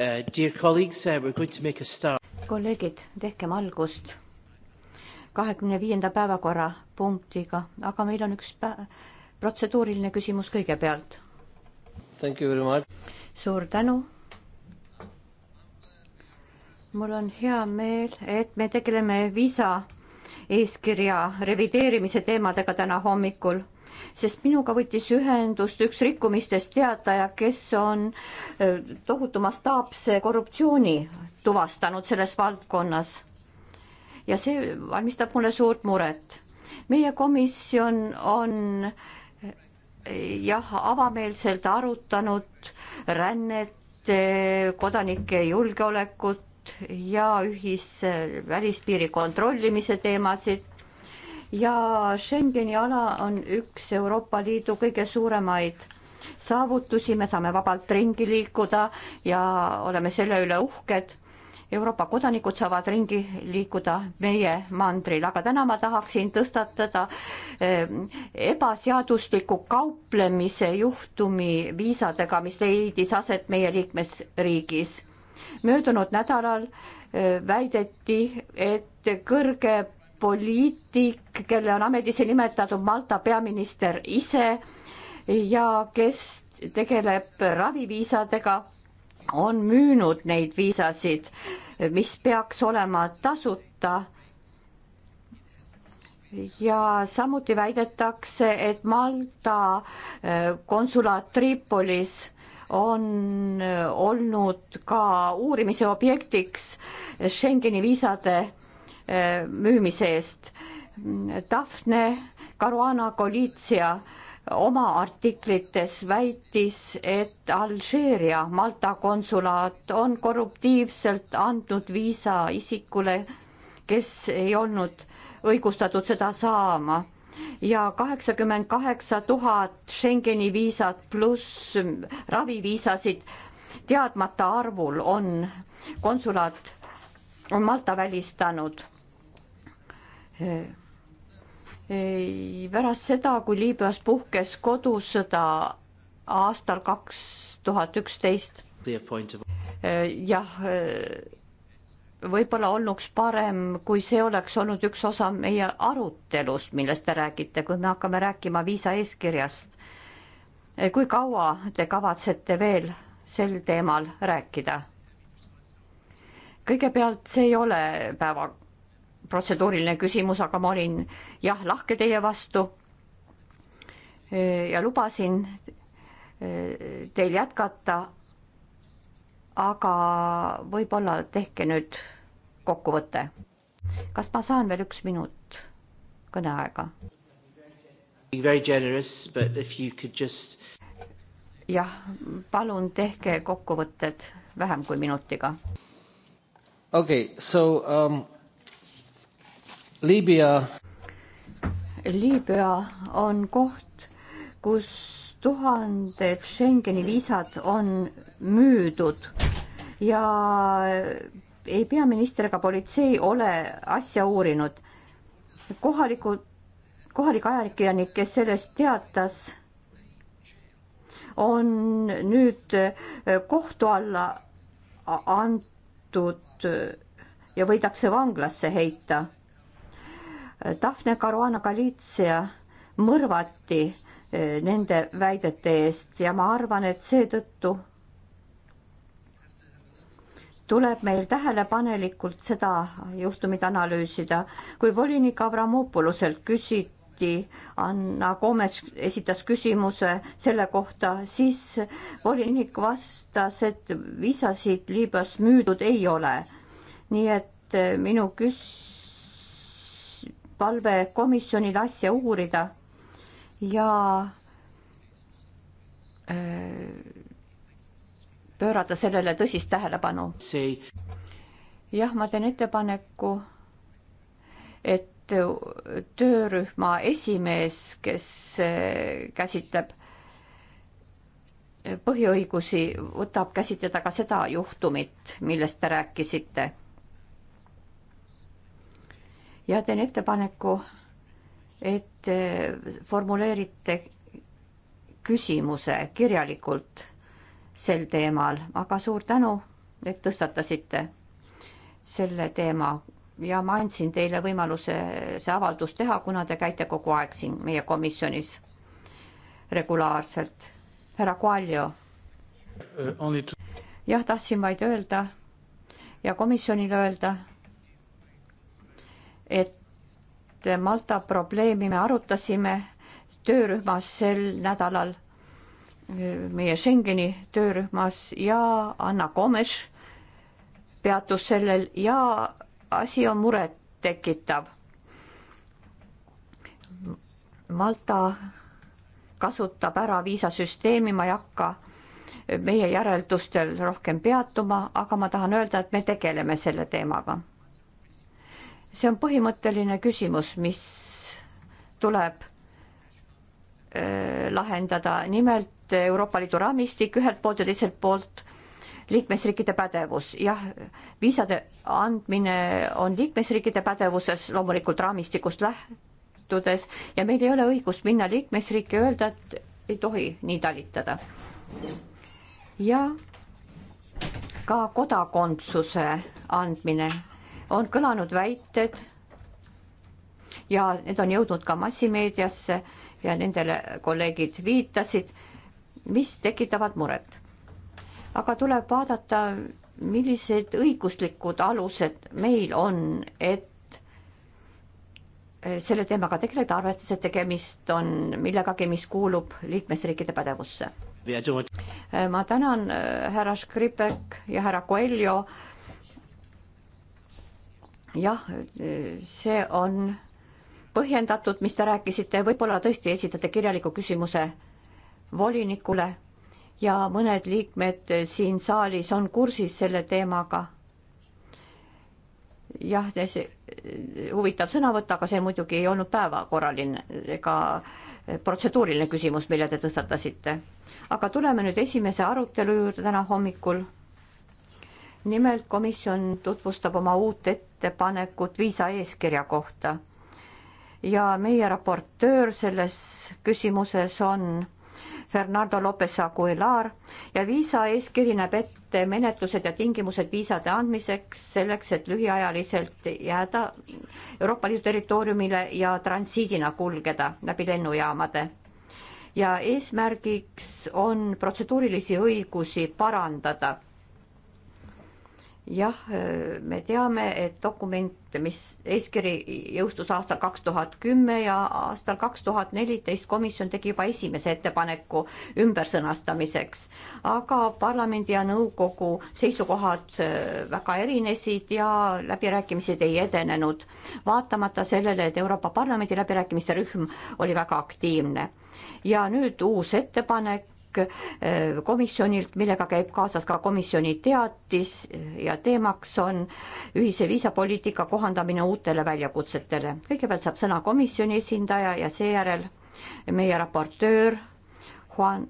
Uh, uh, kolleegid, tehkem algust kahekümne viienda päevakorrapunktiga, aga meil on üks protseduuriline küsimus kõigepealt. suur tänu. mul on hea meel, et me tegeleme viisa eeskirja revideerimise teemadega täna hommikul sest minuga võttis ühendust üks rikkumistest teataja, kes on tohutu mastaapse korruptsiooni tuvastanud selles valdkonnas. ja see valmistab mulle suurt muret. meie komisjon on jah, avameelselt arutanud rännet, kodanike julgeolekut ja ühise välispiiri kontrollimise teemasid ja Schengeni ala on üks Euroopa Liidu kõige suuremaid saavutusi, me saame vabalt ringi liikuda ja oleme selle üle uhked. Euroopa kodanikud saavad ringi liikuda meie mandril, aga täna ma tahaksin tõstatada ehm, ebaseadusliku kauplemise juhtumi viisadega, mis leidis aset meie liikmesriigis. möödunud nädalal ehm, väideti, et kõrge poliitik, kelle on ametisse nimetatud Malta peaminister ise ja kes tegeleb raviviisadega, on müünud neid viisasid, mis peaks olema tasuta. ja samuti väidetakse, et Malta äh, konsulaat Tripolis on äh, olnud ka uurimise objektiks Schengeni viisade müümise eest. Daphne Caruana Galizia oma artiklites väitis, et Alžeeria Malta konsulaat on korruptiivselt andnud viisa isikule, kes ei olnud õigustatud seda saama ja kaheksakümmend kaheksa tuhat Schengeni viisat pluss raviviisasid teadmata arvul on konsulaat on Malta välistanud pärast seda, kui Liibüas puhkes kodusõda aastal kaks tuhat üksteist, eh, jah, eh, võib-olla olnuks parem, kui see oleks olnud üks osa meie arutelust, millest te räägite, kui me hakkame rääkima viisaeeskirjast. Eh, kui kaua te kavatsete veel sel teemal rääkida? kõigepealt see ei ole päeva protseduuriline küsimus, aga ma olin jah, lahke teie vastu. ja lubasin eh, teil jätkata. aga võib-olla tehke nüüd kokkuvõte. kas ma saan veel üks minut kõneaega? Just... jah, palun tehke kokkuvõtted vähem kui minutiga. okei okay,, so um, Liibüa. Liibüa on koht, kus tuhanded Schengeni viisad on müüdud ja ei peaminister ega politsei ole asja uurinud. kohalikud, kohalik ajakirjanik, kes sellest teatas, on nüüd kohtu alla antud ja võidakse vanglasse heita Daphne Caruana Galizia mõrvati eh, nende väidete eest ja ma arvan, et seetõttu tuleb meil tähelepanelikult seda juhtumit analüüsida. kui volinik Avramopoluselt küsiti, Anna Gomes esitas küsimuse selle kohta, siis volinik vastas, et viisasid Liibüas müüdud ei ole. nii et eh, minu küs-, palve komisjonil asja uurida ja äh, pöörata sellele tõsist tähelepanu. jah, ma teen ettepaneku, et töörühma esimees, kes äh, käsitleb äh, põhiõigusi, võtab käsitleda ka seda juhtumit, millest te rääkisite ja teen ettepaneku, et eh, formuleerite küsimuse kirjalikult sel teemal, aga suur tänu, et tõstatasite selle teema ja ma andsin teile võimaluse see avaldus teha, kuna te käite kogu aeg siin meie komisjonis regulaarselt. härra Koaljo. Eh, jah, tahtsin vaid öelda ja komisjonile öelda, et Malta probleemi me arutasime töörühmas sel nädalal, meie Schengeni töörühmas ja Anna Komes peatus sellel ja asi on murettekitav. Malta kasutab ära viisasüsteemi, ma ei hakka meie järeldustel rohkem peatuma, aga ma tahan öelda, et me tegeleme selle teemaga see on põhimõtteline küsimus, mis tuleb äh, lahendada, nimelt Euroopa Liidu raamistik ühelt poolt ja teiselt poolt liikmesriikide pädevus, jah, viisade andmine on liikmesriikide pädevuses loomulikult raamistikust lähtudes ja meil ei ole õigust minna liikmesriiki öelda, et ei tohi nii talitada. ja ka kodakondsuse andmine on kõlanud väited ja need on jõudnud ka massimeediasse ja nendele kolleegid viitasid, mis tekitavad muret. aga tuleb vaadata, millised õiguslikud alused meil on, et selle teemaga tegeleda, arvestades, et tegemist on millegagi, mis kuulub liikmesriikide pädevusse. ma tänan äh, härra Škripek ja härra Coelho jah, see on põhjendatud, mis te rääkisite, võib-olla tõesti esitate kirjaliku küsimuse volinikule ja mõned liikmed siin saalis on kursis selle teemaga. jah, huvitav sõnavõtt, aga see muidugi ei olnud päevakorraline ega protseduuriline küsimus, mille te tõstatasite. aga tuleme nüüd esimese arutelu juurde täna hommikul. nimelt komisjon tutvustab oma uut ette ettepanekut viisaeeskirja kohta. ja meie raportöör selles küsimuses on Fernando Lopez Aguilar ja viisaeeskiri näeb ette menetlused ja tingimused viisade andmiseks selleks, et lühiajaliselt jääda Euroopa Liidu territooriumile ja transiidina kulgeda läbi lennujaamade. ja eesmärgiks on protseduurilisi õigusi parandada jah, äh, me teame, et dokument, mis eeskiri jõustus aastal kaks tuhat kümme ja aastal kaks tuhat neliteist komisjon tegi juba esimese ettepaneku ümbersõnastamiseks, aga parlamendi ja nõukogu seisukohad äh, väga erinesid ja läbirääkimised ei edenenud, vaatamata sellele, et Euroopa Parlamendi läbirääkimiste rühm oli väga aktiivne. ja nüüd uus ettepanek Eh, komisjonilt, millega käib kaasas ka komisjoni teatis eh, ja teemaks on ühise viisapoliitika kohandamine uutele väljakutsetele. kõigepealt saab sõna komisjoni esindaja ja seejärel meie raportöör Juan,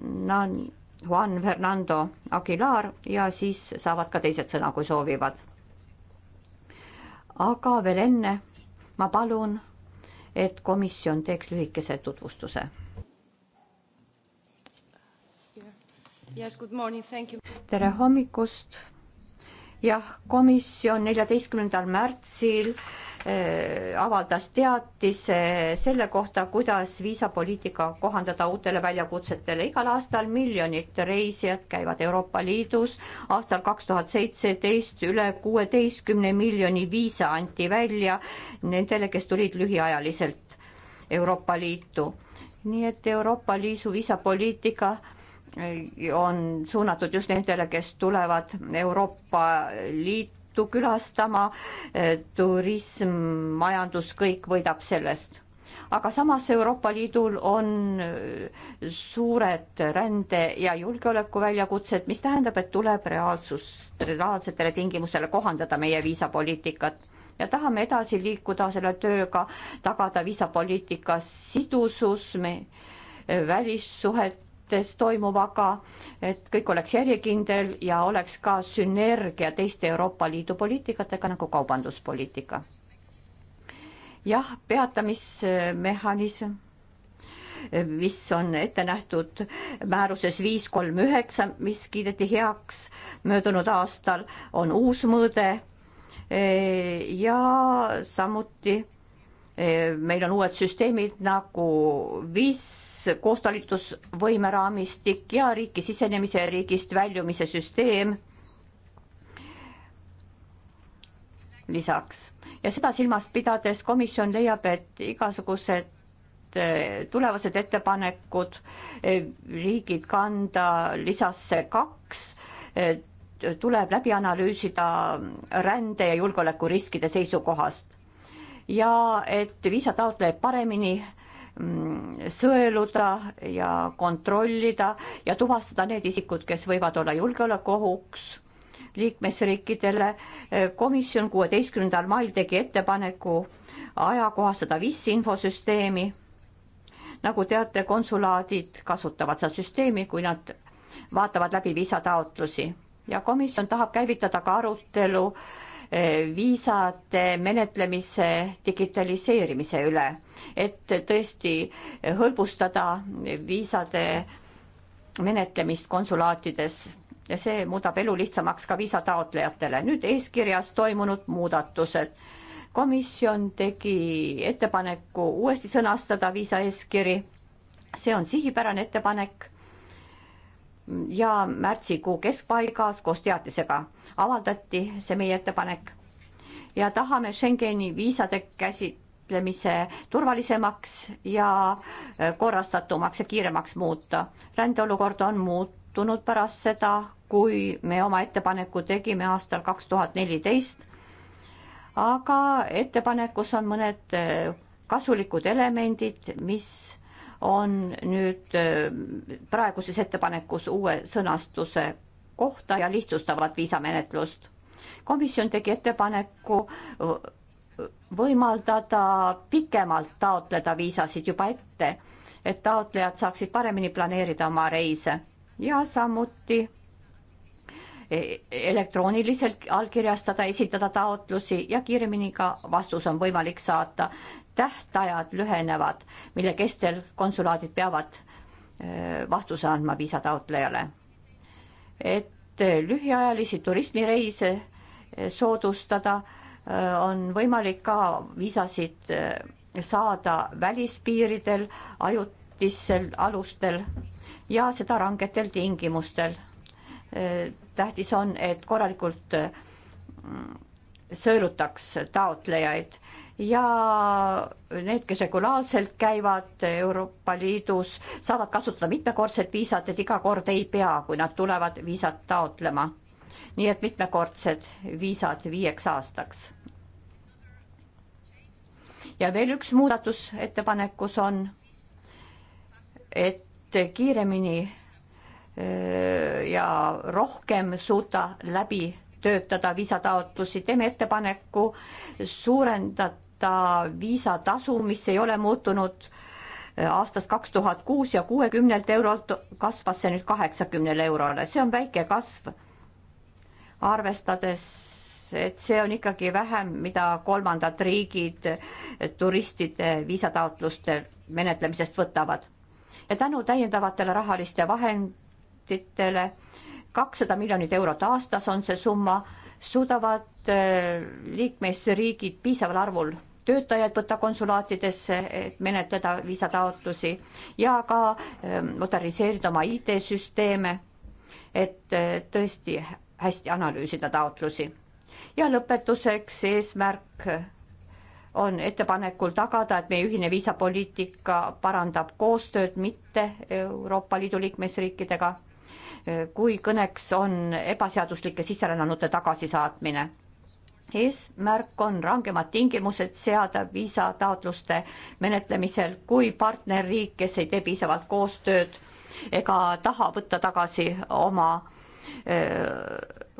Juan Fernando Aguilar ja siis saavad ka teised sõna, kui soovivad. aga veel enne ma palun, et komisjon teeks lühikese tutvustuse Yes, good morning, thank you. tere hommikust. jah, komisjon neljateistkümnendal märtsil äh, avaldas teatise selle kohta, kuidas viisapoliitika kohandada uutele väljakutsetele. igal aastal miljonid reisijad käivad Euroopa Liidus. aastal kaks tuhat seitseteist üle kuueteistkümne miljoni viisa anti välja nendele, kes tulid lühiajaliselt Euroopa Liitu. nii et Euroopa Liidu viisapoliitika äh, on suunatud just nendele, kes tulevad Euroopa Liitu külastama, turism, majandus, kõik võidab sellest. aga samas Euroopa Liidul on suured rände- ja julgeolekuväljakutsed, mis tähendab, et tuleb reaalsust, reaalsetele tingimustele kohandada meie viisapoliitikat ja tahame edasi liikuda selle tööga, tagada viisapoliitika sidusus, me välissuhet suhetes toimuvaga, et kõik oleks järjekindel ja oleks ka sünergia teiste Euroopa Liidu poliitikatega nagu kaubanduspoliitika. jah, peatamismehhanism, mis on ette nähtud määruses viis kolm üheksa, mis kiideti heaks möödunud aastal, on uus mõõde ja samuti meil on uued süsteemid nagu viis koostalitusvõime raamistik ja riiki sisenemise ja riigist väljumise süsteem lisaks. ja seda silmas pidades komisjon leiab, et igasugused eh, tulevased ettepanekud eh, riigid kanda lisasse kaks eh, tuleb läbi analüüsida rände ja julgeolekuriskide seisukohast ja et viisa taotlejaid paremini mm, sõeluda ja kontrollida ja tuvastada need isikud, kes võivad olla julgeolekuohuks liikmesriikidele. komisjon kuueteistkümnendal mail tegi ettepaneku ajakohastada VIS infosüsteemi. nagu teate, konsulaadid kasutavad seda süsteemi, kui nad vaatavad läbi viisataotlusi ja komisjon tahab käivitada ka arutelu äh, viisade menetlemise digitaliseerimise üle, et tõesti hõlbustada viisade menetlemist konsulaatides ja see muudab elu lihtsamaks ka viisataotlejatele. nüüd eeskirjas toimunud muudatused. komisjon tegi ettepaneku uuesti sõnastada viisa eeskiri. see on sihipärane ettepanek ja märtsikuu keskpaigas koos teatisega avaldati see meie ettepanek ja tahame Schengeni viisade käsitlemise turvalisemaks ja äh, korrastatumaks ja kiiremaks muuta. rändeolukord on muutunud pärast seda, kui me oma ettepaneku tegime aastal kaks tuhat neliteist. aga ettepanekus on mõned äh, kasulikud elemendid, mis on nüüd äh, praeguses ettepanekus uue sõnastuse kohta ja lihtsustavad viisamenetlust. komisjon tegi ettepaneku äh, võimaldada pikemalt taotleda viisasid juba ette, et taotlejad saaksid paremini planeerida oma reise ja samuti e, elektrooniliselt allkirjastada, esitada taotlusi ja kiiremini ka vastus on võimalik saata tähtajad lühenevad, mille kestel konsulaadid peavad vastuse andma viisataotlejale. et lühiajalisi turismireise soodustada, on võimalik ka viisasid saada välispiiridel, ajutisel alustel ja seda rangetel tingimustel. tähtis on, et korralikult sõelutaks taotlejaid ja need, kes regulaarselt käivad Euroopa Liidus, saavad kasutada mitmekordset viisat, et iga kord ei pea, kui nad tulevad viisat taotlema. nii et mitmekordsed viisad viieks aastaks. ja veel üks muudatus ettepanekus on, et kiiremini äh, ja rohkem suuta läbi töötada viisataotlusi, teeme ettepaneku suurendada viisatasu, mis ei ole muutunud äh, aastast kaks tuhat kuus ja kuuekümnelt eurolt kasvas see nüüd kaheksakümnele eurole, see on väike kasv. arvestades, et see on ikkagi vähem, mida kolmandad riigid äh, turistide viisataotluste menetlemisest võtavad. ja tänu täiendavatele rahaliste vahenditele kakssada miljonit eurot aastas on see summa, suudavad äh, liikmesriigid piisaval arvul töötajaid võtta konsulaatidesse, et menetleda viisataotlusi ja ka ähm, moderniseerida oma IT-süsteeme, et äh, tõesti hästi analüüsida taotlusi. ja lõpetuseks eesmärk on ettepanekul tagada, et meie ühine viisapoliitika parandab koostööd mitte Euroopa Liidu liikmesriikidega kui kõneks on ebaseaduslike sisserännanute tagasisaatmine. eesmärk on rangemad tingimused seada viisataotluste menetlemisel, kui partnerriik, kes ei tee piisavalt koostööd ega taha võtta tagasi oma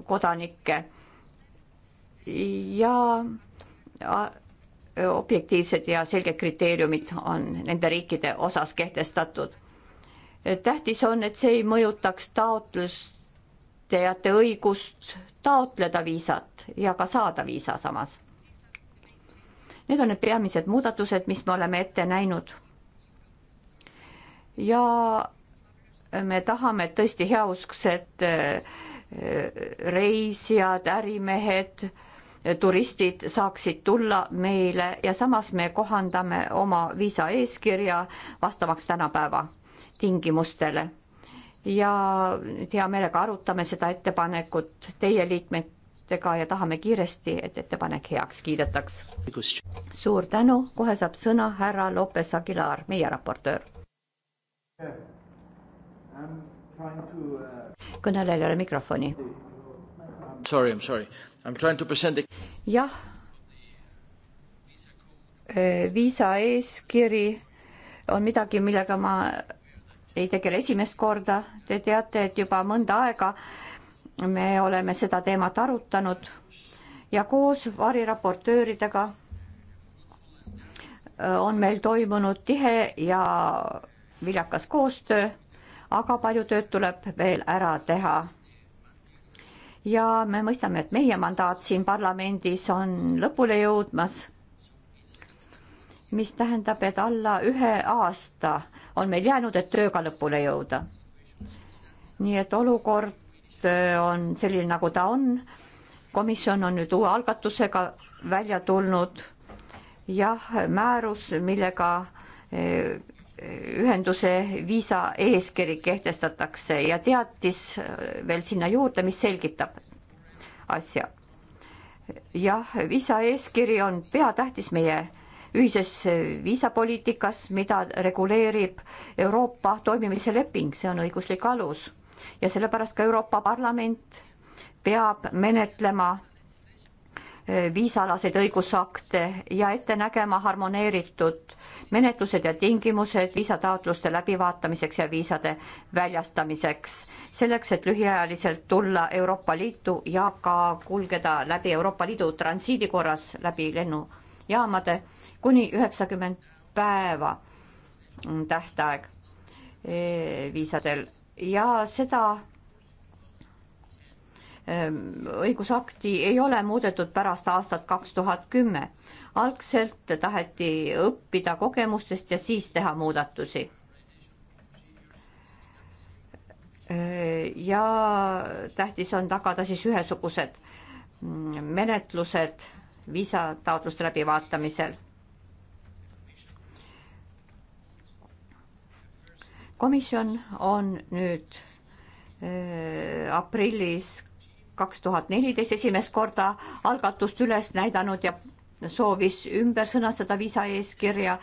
kodanikke. ja objektiivsed ja selged kriteeriumid on nende riikide osas kehtestatud tähtis on, et see ei mõjutaks taotlejate õigust taotleda viisat ja ka saada viisa samas. Need on need peamised muudatused, mis me oleme ette näinud. ja me tahame, et tõesti heausksed eh, reisijad, ärimehed, turistid saaksid tulla meile ja samas me kohandame oma viisa eeskirja vastavaks tänapäeva tingimustele. ja hea meelega arutame seda ettepanekut teie liikmetega ja tahame kiiresti, et ettepanek heaks kiidetaks. suur tänu, kohe saab sõna härra Lopes Aguilar, meie raportöör. kõnelejal ei ole mikrofoni. Sorry, I m sorry, I m trying to present the... jah viisa eeskiri on midagi, millega ma ei tegele esimest korda. Te teate, et juba mõnda aega me oleme seda teemat arutanud ja koos variraportööridega äh, on meil toimunud tihe ja viljakas koostöö, aga palju tööd tuleb veel ära teha. ja me mõistame, et meie mandaat siin parlamendis on lõpule jõudmas, mis tähendab, et alla ühe aasta on meil jäänud, et tööga lõpule jõuda. nii et olukord äh, on selline, nagu ta on. komisjon on nüüd uue algatusega välja tulnud. jah, määrus, millega äh, ühenduse viisa eeskiri kehtestatakse ja teatis äh, veel sinna juurde, mis selgitab asja. jah, viisa eeskiri on peatähtis meie ühises viisapoliitikas, mida reguleerib Euroopa toimimise leping, see on õiguslik alus ja sellepärast ka Euroopa Parlament peab menetlema äh, viisaalaseid õigusakte ja ette nägema harmoneeritud menetlused ja tingimused viisataotluste läbivaatamiseks ja viisade väljastamiseks, selleks et lühiajaliselt tulla Euroopa Liitu ja ka kulgeda läbi Euroopa Liidu transiidi korras läbi lennujaamade kuni üheksakümmend päeva tähtaeg e, viisadel ja seda e, õigusakti ei ole muudetud pärast aastat kaks tuhat kümme. algselt taheti õppida kogemustest ja siis teha muudatusi. E, ja tähtis on tagada siis ühesugused mm, menetlused viisataotluste läbivaatamisel komisjon on nüüd äh, aprillis kaks tuhat neliteist esimest korda algatust üles näidanud ja soovis ümber sõnastada viisa eeskirja.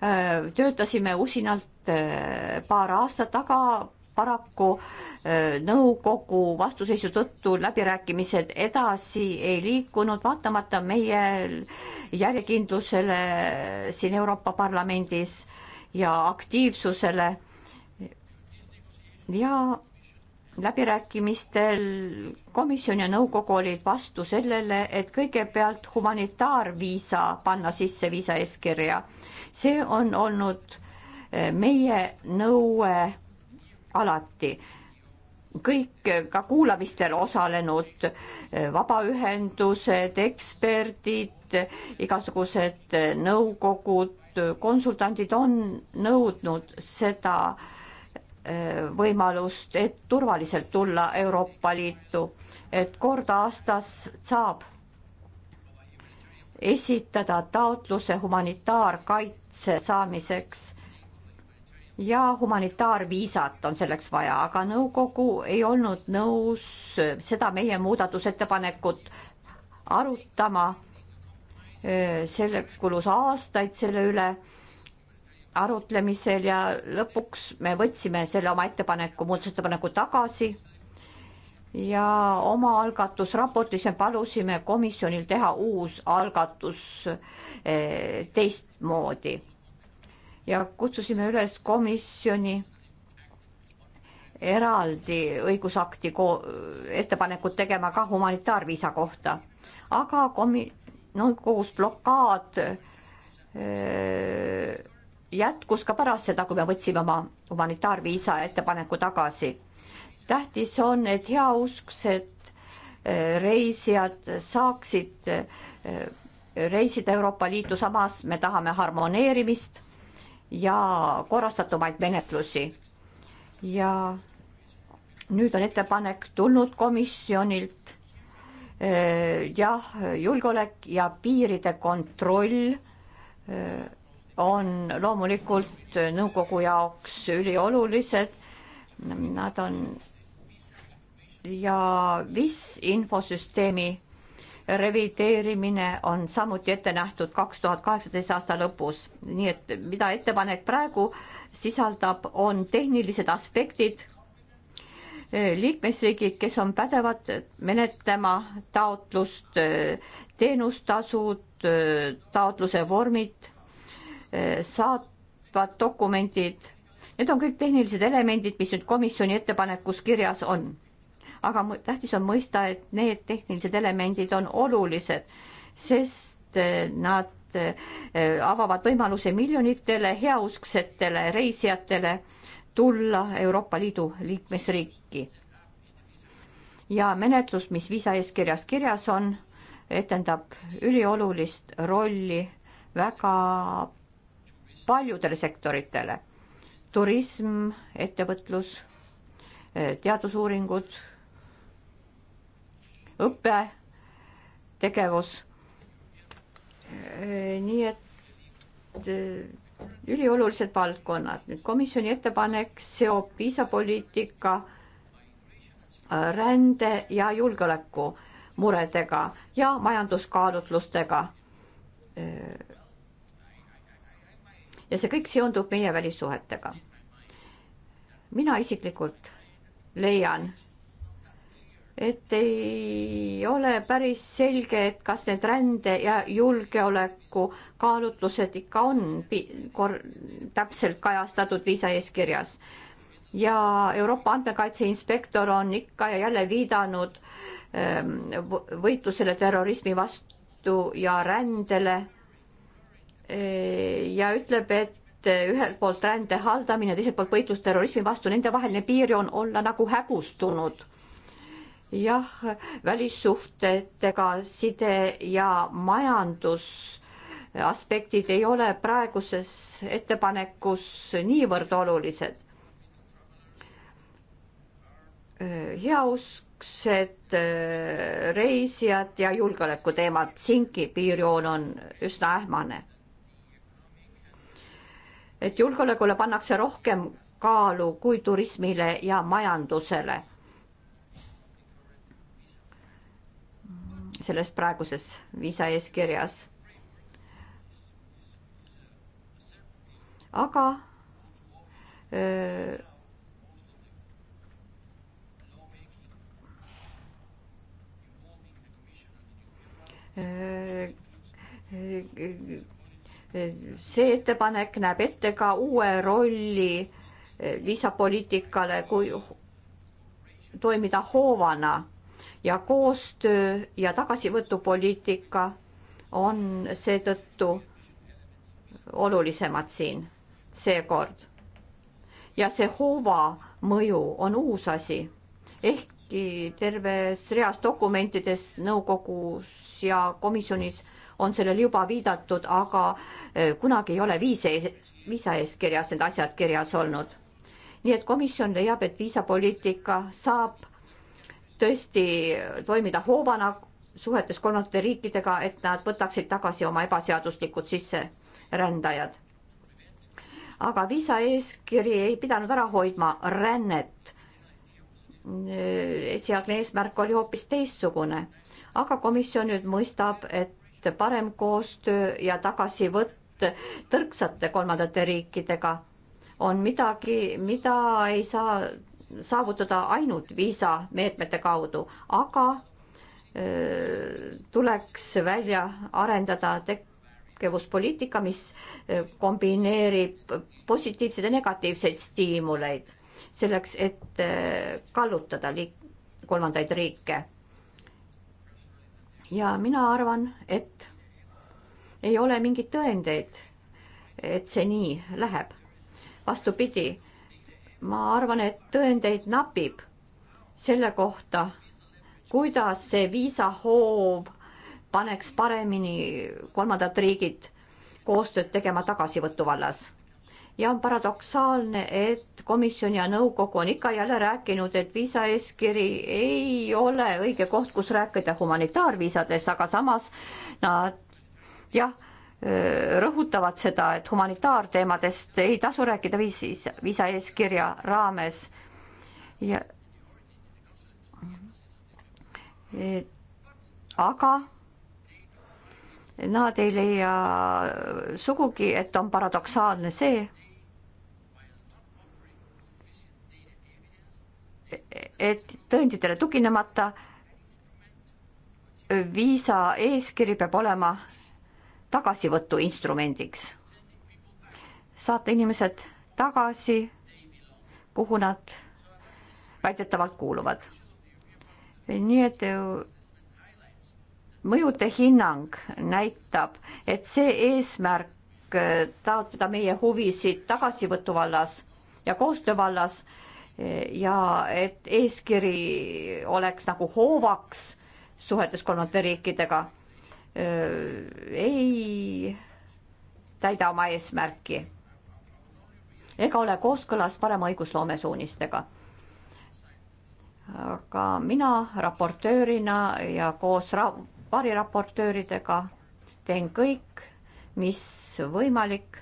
Äh, töötasime usinalt äh, paar aastat, aga paraku nõukogu vastuseisu tõttu läbirääkimised edasi ei liikunud, vaatamata meie järjekindlusele siin Euroopa Parlamendis ja aktiivsusele. ja läbirääkimistel komisjon ja nõukogu olid vastu sellele, et kõigepealt humanitaarviisa panna sisse viisaeeskirja. see on olnud eh, meie nõue alati. kõik eh, ka kuulamistel osalenud eh, vabaühendused, eksperdid, igasugused nõukogud, konsultandid on nõudnud seda eh, võimalust, et turvaliselt tulla Euroopa Liitu, et kord aastas saab esitada taotluse humanitaarkaitse saamiseks ja humanitaarviisat on selleks vaja, aga nõukogu ei olnud nõus seda meie muudatusettepanekut arutama selleks kulus aastaid selle üle arutlemisel ja lõpuks me võtsime selle oma ettepaneku, muudatusettepaneku tagasi ja omaalgatusraportis me palusime komisjonil teha uus algatus eh, teistmoodi ja kutsusime üles komisjoni eraldi õigusakti ettepanekut tegema ka humanitaarviisa kohta, aga komi-, nõukogus noh, blokaad äh, jätkus ka pärast seda, kui me võtsime oma humanitaarviisa ettepaneku tagasi. tähtis on, et heausksed äh, reisijad saaksid äh, reisida Euroopa Liitu, samas me tahame harmoneerimist ja korrastatumaid menetlusi. ja nüüd on ettepanek tulnud komisjonilt Äh, jah, julgeolek ja piiride kontroll äh, on loomulikult nõukogu jaoks üliolulised. Nad on ja VIS infosüsteemi revideerimine on samuti ette nähtud kaks tuhat kaheksateist aasta lõpus, nii et mida ettepanek praegu sisaldab, on tehnilised aspektid liikmesriigid, kes on pädevad menetlema taotlust, teenustasud, taotluse vormid, saatvad dokumendid, need on kõik tehnilised elemendid, mis nüüd komisjoni ettepanekus kirjas on. aga tähtis on mõista, et need tehnilised elemendid on olulised, sest nad avavad võimaluse miljonitele heausksetele reisijatele tulla Euroopa Liidu liikmesriiki. ja menetlus, mis viisaeeskirjas kirjas on, etendab üliolulist rolli väga paljudele sektoritele. turism, ettevõtlus, teadusuuringud, õpe, tegevus. nii et üliolulised valdkonnad. nüüd komisjoni ettepanek seob viisapoliitika äh, rände ja julgeoleku muredega ja majanduskaalutlustega. Äh, ja see kõik seondub meie välissuhetega. mina isiklikult leian, et ei ole päris selge, et kas need rände ja julgeoleku kaalutlused ikka on kor-, täpselt kajastatud viisaeeskirjas. ja Euroopa andmekaitse inspektor on ikka ja jälle viidanud ähm, võitlusele terrorismi vastu ja rändele äh, ja ütleb, et ühelt poolt rände haldamine, teiselt poolt võitlus terrorismi vastu, nende vaheline piir on olla nagu hägustunud jah, välissuhtedega side ja majandus aspektid ei ole praeguses ettepanekus niivõrd olulised. heausksed äh, reisijad ja julgeolekuteemad, siingi piirjoon on üsna ähmane. et julgeolekule pannakse rohkem kaalu kui turismile ja majandusele selles praeguses viisaeeskirjas. aga öö, see ettepanek näeb ette ka uue rolli viisapoliitikale kui toimida hoovana ja koostöö ja tagasivõtupoliitika on seetõttu olulisemad siin seekord. ja see hoova mõju on uus asi, ehkki terves reas dokumentides nõukogus ja komisjonis on sellele juba viidatud, aga e, kunagi ei ole viise, viisaeeskirjas need asjad kirjas olnud. nii et komisjon leiab, et viisapoliitika saab tõesti toimida hoovana suhetes kolmandate riikidega, et nad võtaksid tagasi oma ebaseaduslikud sisserändajad. aga viisaeeskiri ei pidanud ära hoidma rännet. esialgne eesmärk oli hoopis teistsugune, aga komisjon nüüd mõistab, et parem koostöö ja tagasivõtt tõrksate kolmandate riikidega on midagi, mida ei saa saavutada ainult viisameetmete kaudu, aga tuleks välja arendada tegevuspoliitika, mis kombineerib positiivseid ja negatiivseid stiimuleid selleks, et kallutada liik-, kolmandaid riike. ja mina arvan, et ei ole mingeid tõendeid, et see nii läheb. vastupidi ma arvan, et tõendeid napib selle kohta, kuidas see viisahoov paneks paremini kolmandad riigid koostööd tegema tagasivõtu vallas. ja on paradoksaalne, et komisjon ja nõukogu on ikka jälle rääkinud, et viisaeeskiri ei ole õige koht, kus rääkida humanitaarviisadest, aga samas nad jah rõhutavad seda, et humanitaarteemadest ei tasu rääkida viis, viisa eeskirja raames. ja aga nad ei leia sugugi, et on paradoksaalne see, et tõenditele tuginemata viisa eeskiri peab olema tagasivõtu instrumendiks. saata inimesed tagasi, kuhu nad väidetavalt kuuluvad. nii et äh, mõjude hinnang näitab, et see eesmärk äh, taotleda meie huvisid tagasivõtu vallas ja koostöö vallas äh, ja et eeskiri oleks nagu hoovaks suhetes kolmandate riikidega ei täida oma eesmärki ega ole kooskõlas parema õigusloome suunistega. aga mina raportöörina ja koos ra variraportööridega teen kõik, mis võimalik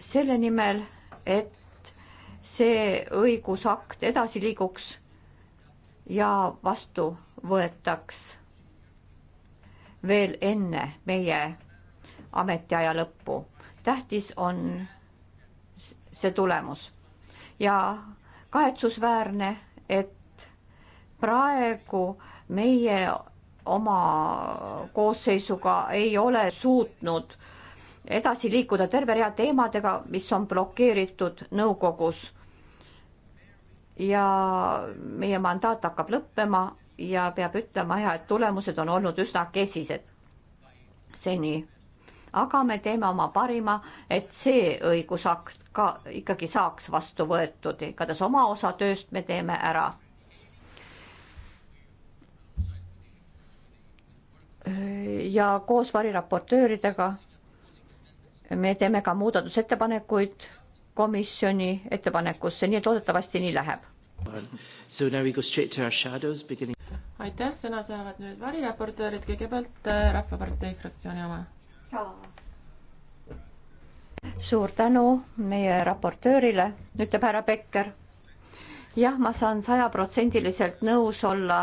selle nimel, et see õigusakt edasi liiguks ja vastu võetaks veel enne meie ametiaja lõppu. tähtis on see tulemus ja kahetsusväärne, et praegu meie oma koosseisuga ei ole suutnud edasi liikuda terve rea teemadega, mis on blokeeritud nõukogus. ja meie mandaat hakkab lõppema, ja peab ütlema jah, et tulemused on olnud üsna kesised seni. aga me teeme oma parima, et see õigusakt ka ikkagi saaks vastu võetud, igatahes oma osa tööst me teeme ära. ja koos variraportööridega me teeme ka muudatusettepanekuid komisjoni ettepanekusse, nii et loodetavasti nii läheb. So now we go straight to our shadows beginning aitäh, sõna saavad nüüd variraportöörid, kõigepealt äh, Rahvapartei fraktsiooni oma. suur tänu meie raportöörile, ütleb härra Pekker. jah, ma saan sajaprotsendiliselt nõus olla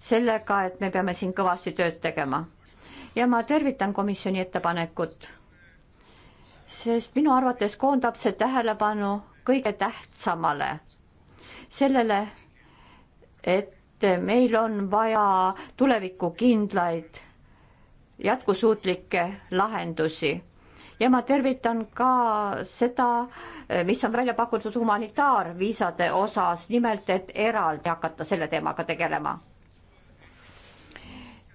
sellega, et me peame siin kõvasti tööd tegema. ja ma tervitan komisjoni ettepanekut, sest minu arvates koondab see tähelepanu kõige tähtsamale, sellele, et meil on vaja tulevikukindlaid jätkusuutlikke lahendusi ja ma tervitan ka seda, mis on välja pakutud humanitaarviisade osas, nimelt et eraldi hakata selle teemaga tegelema.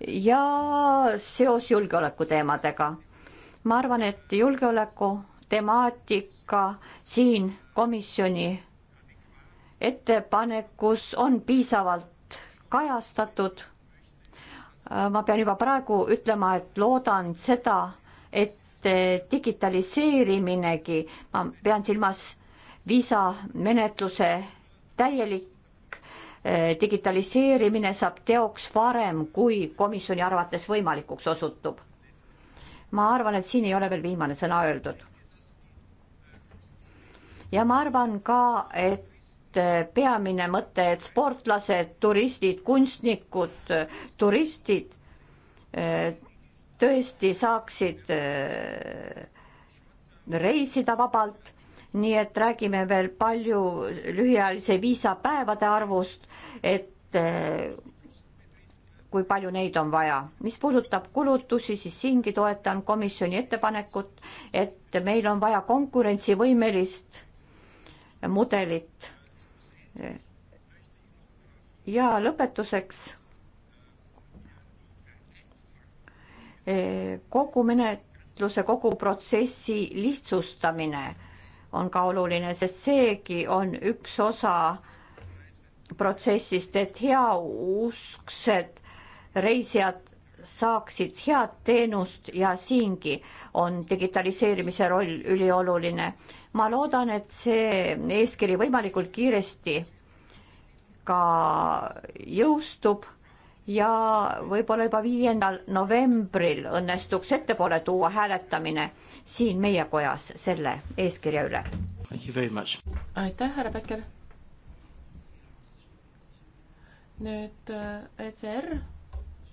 ja seos julgeoleku teemadega. ma arvan, et julgeoleku temaatika siin komisjoni ettepanekus on piisavalt kajastatud. ma pean juba praegu ütlema, et loodan seda, et digitaliseeriminegi, ma pean silmas viisamenetluse täielik eh, digitaliseerimine saab teoks varem, kui komisjoni arvates võimalikuks osutub. ma arvan, et siin ei ole veel viimane sõna öeldud. ja ma arvan ka, et Eh, peamine mõte, et sportlased, turistid, kunstnikud, turistid eh, tõesti saaksid eh, reisida vabalt. nii et räägime veel palju lühiajalise viisa päevade arvust, et kui palju neid on vaja. mis puudutab kulutusi, siis siingi toetan komisjoni ettepanekut, et meil on vaja konkurentsivõimelist mudelit ja lõpetuseks eh, kogu menetluse, kogu protsessi lihtsustamine on ka oluline, sest seegi on üks osa protsessist, et heausksed reisijad saaksid head teenust ja siingi on digitaliseerimise roll ülioluline ma loodan, et see eeskiri võimalikult kiiresti ka jõustub ja võib-olla juba viiendal novembril õnnestuks ettepoole tuua hääletamine siin meie kojas selle eeskirja üle. aitäh, härra Becker. nüüd äh, ECR,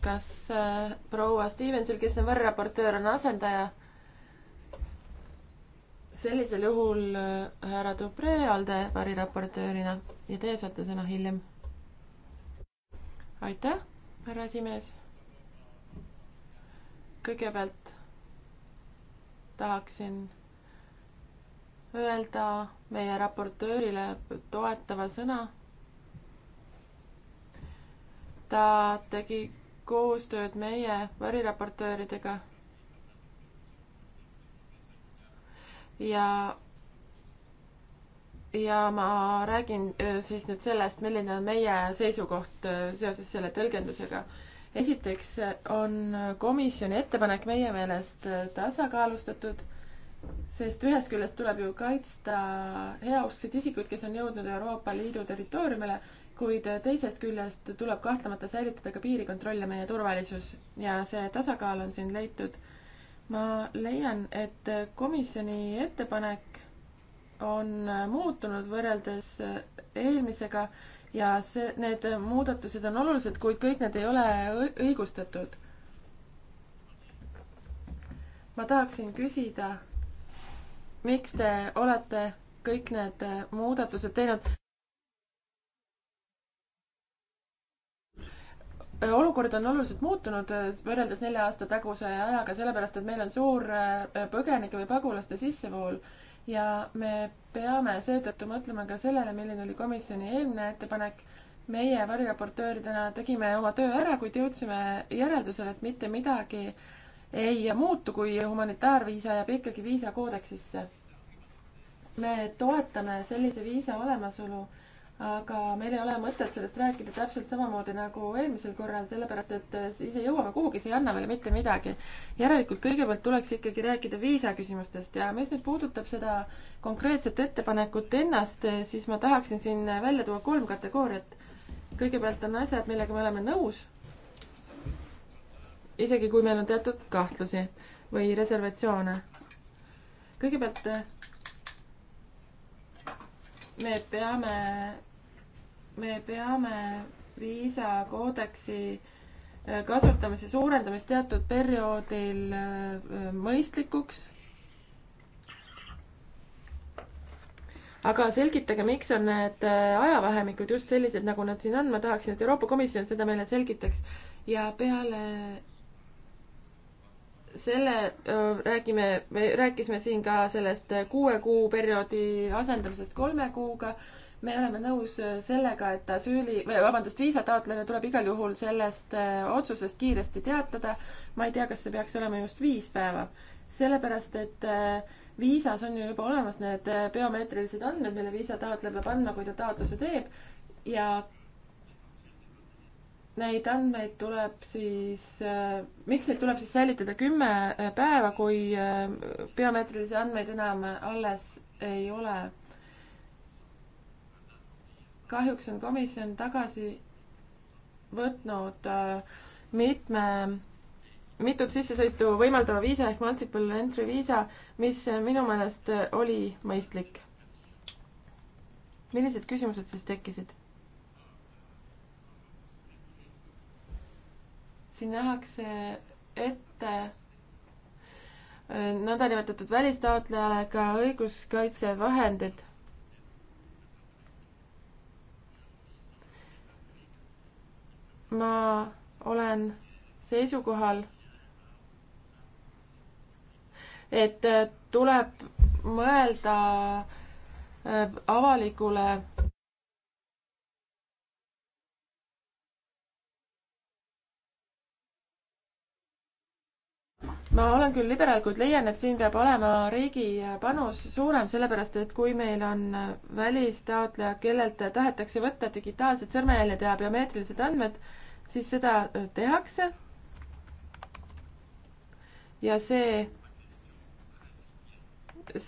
kas äh, proua Stevensil, kes on variraportöör, on asendaja? sellisel juhul äh, härra Dupree ALDE variraportöörina ja teie saate sõna hiljem. aitäh, härra esimees. kõigepealt tahaksin öelda meie raportöörile toetava sõna. ta tegi koostööd meie variraportööridega ja ja ma räägin äh, siis nüüd sellest, milline on meie seisukoht äh, seoses selle tõlgendusega. esiteks äh, on komisjoni ettepanek meie meelest tasakaalustatud, sest ühest küljest tuleb ju kaitsta heauskseid isikuid, kes on jõudnud Euroopa Liidu territooriumile, kuid teisest küljest tuleb kahtlemata säilitada ka piirikontroll ja meie turvalisus ja see tasakaal on siin leitud ma leian, et komisjoni ettepanek on muutunud võrreldes eelmisega ja see, need muudatused on olulised, kuid kõik need ei ole õigustatud. ma tahaksin küsida, miks te olete kõik need muudatused teinud? Äh, olukord on oluliselt muutunud äh, võrreldes nelja aasta taguse ajaga, sellepärast et meil on suur äh, põgenike või pagulaste sissevool ja me peame seetõttu mõtlema ka sellele, milline oli komisjoni eelmine ettepanek. meie variraportööridena tegime oma töö ära, kuid jõudsime järeldusele, et mitte midagi ei muutu, kui humanitaarviisa jääb ikkagi viisakoodeksisse. me toetame sellise viisa olemasolu aga meil ei ole mõtet sellest rääkida täpselt samamoodi nagu eelmisel korral, sellepärast et äh, siis ei jõua me kuhugi, see ei anna meile mitte midagi. järelikult kõigepealt tuleks ikkagi rääkida viisaküsimustest ja mis nüüd puudutab seda konkreetset ettepanekut ennast, äh, siis ma tahaksin siin välja tuua kolm kategooriat. kõigepealt on asjad, millega me oleme nõus, isegi kui meil on teatud kahtlusi või reservatsioone. kõigepealt äh, me peame me peame viisakoodeksi äh, kasutamise suurendamist teatud perioodil äh, mõistlikuks. aga selgitage, miks on need äh, ajavahemikud just sellised, nagu nad siin on, ma tahaksin, et Euroopa Komisjon seda meile selgitaks ja peale selle räägime, me rääkisime siin ka sellest kuue kuu perioodi asendamisest kolme kuuga me oleme nõus äh, sellega, et asüüli, vabandust, viisataotlejale tuleb igal juhul sellest äh, otsusest kiiresti teatada. ma ei tea, kas see peaks olema just viis päeva, sellepärast et äh, viisas on ju juba olemas need biomeetrilised andmed, mille viisataotleja peab andma, kui ta taotluse teeb ja neid andmeid tuleb siis äh,, miks neid tuleb siis säilitada kümme päeva, kui äh, biomeetrilisi andmeid enam alles ei ole? kahjuks on komisjon tagasi võtnud äh, mitme, mitut sissesõitu võimaldava viisa ehk multiple entry viisa, mis äh, minu meelest äh, oli mõistlik. millised küsimused siis tekkisid? siin nähakse ette nõndanimetatud välistaotlejale ka õiguskaitsevahendid ma olen seisukohal, et tuleb mõelda äh, avalikule ma olen küll liberaal, kuid leian, et siin peab olema riigi panus suurem, sellepärast et kui meil on välistaotleja, kellelt tahetakse võtta digitaalsed sõrmejäljed ja biomeetrilised andmed, siis seda tehakse. ja see,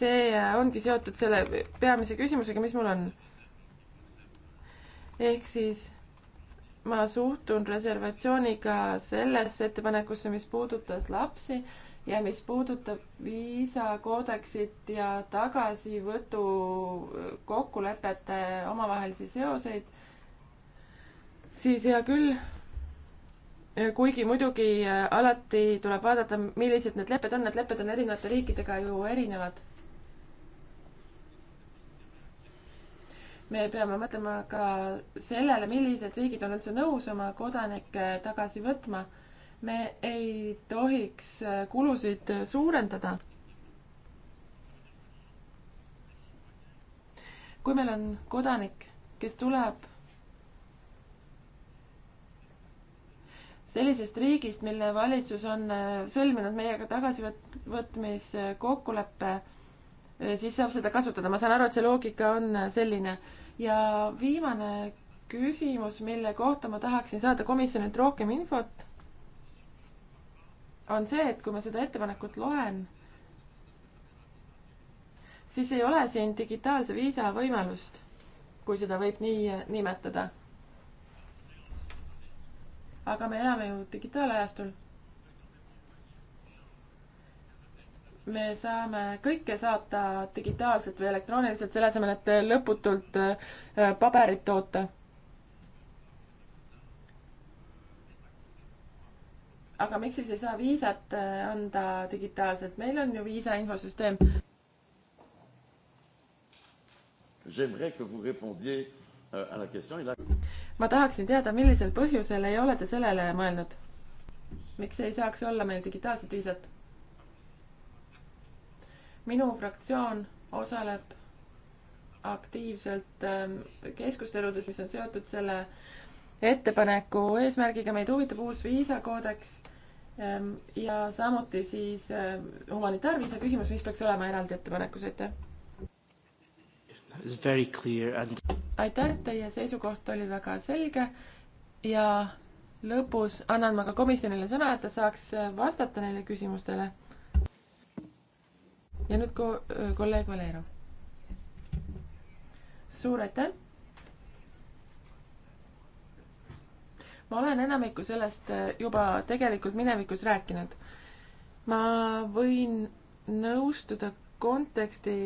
see ongi seotud selle peamise küsimusega, mis mul on. ehk siis ma suhtun reservatsiooniga sellesse ettepanekusse, mis puudutas lapsi ja mis puudutab viisakoodeksit ja tagasivõtu kokkulepete omavahelisi seoseid, siis hea küll, kuigi muidugi alati tuleb vaadata, millised need lepped on, need lepped on erinevate riikidega ju erinevad me peame mõtlema ka sellele, millised riigid on üldse nõus oma kodanikke tagasi võtma. me ei tohiks äh, kulusid suurendada. kui meil on kodanik, kes tuleb sellisest riigist, mille valitsus on äh, sõlminud meiega tagasivõtmiskokkuleppe, äh, siis saab seda kasutada. ma saan aru, et see loogika on selline ja viimane küsimus, mille kohta ma tahaksin saada komisjonilt rohkem infot, on see, et kui ma seda ettepanekut loen, siis ei ole siin digitaalse viisa võimalust, kui seda võib nii nimetada. aga me elame ju digitaalajastul me saame kõike saata digitaalselt või elektrooniliselt, selle asemel, et lõputult äh, paberit toota. aga miks siis ei saa viisat äh, anda digitaalselt, meil on ju viisa infosüsteem. Euh, ma tahaksin teada, millisel põhjusel ei ole te sellele mõelnud? miks ei saaks olla meil digitaalset viisat? minu fraktsioon osaleb aktiivselt ähm, keskusteludes, mis on seotud selle ettepaneku eesmärgiga, meid huvitab uus viisakoodeks ähm, ja samuti siis ähm, humanitaarviisa küsimus, mis peaks olema eraldi ettepanekus, aitäh. aitäh, teie seisukoht oli väga selge ja lõpus annan ma ka komisjonile sõna, et ta saaks äh, vastata neile küsimustele ja nüüd ko-, kolleeg Valero. suur aitäh! ma olen enamikku sellest äh, juba tegelikult minevikus rääkinud. ma võin nõustuda konteksti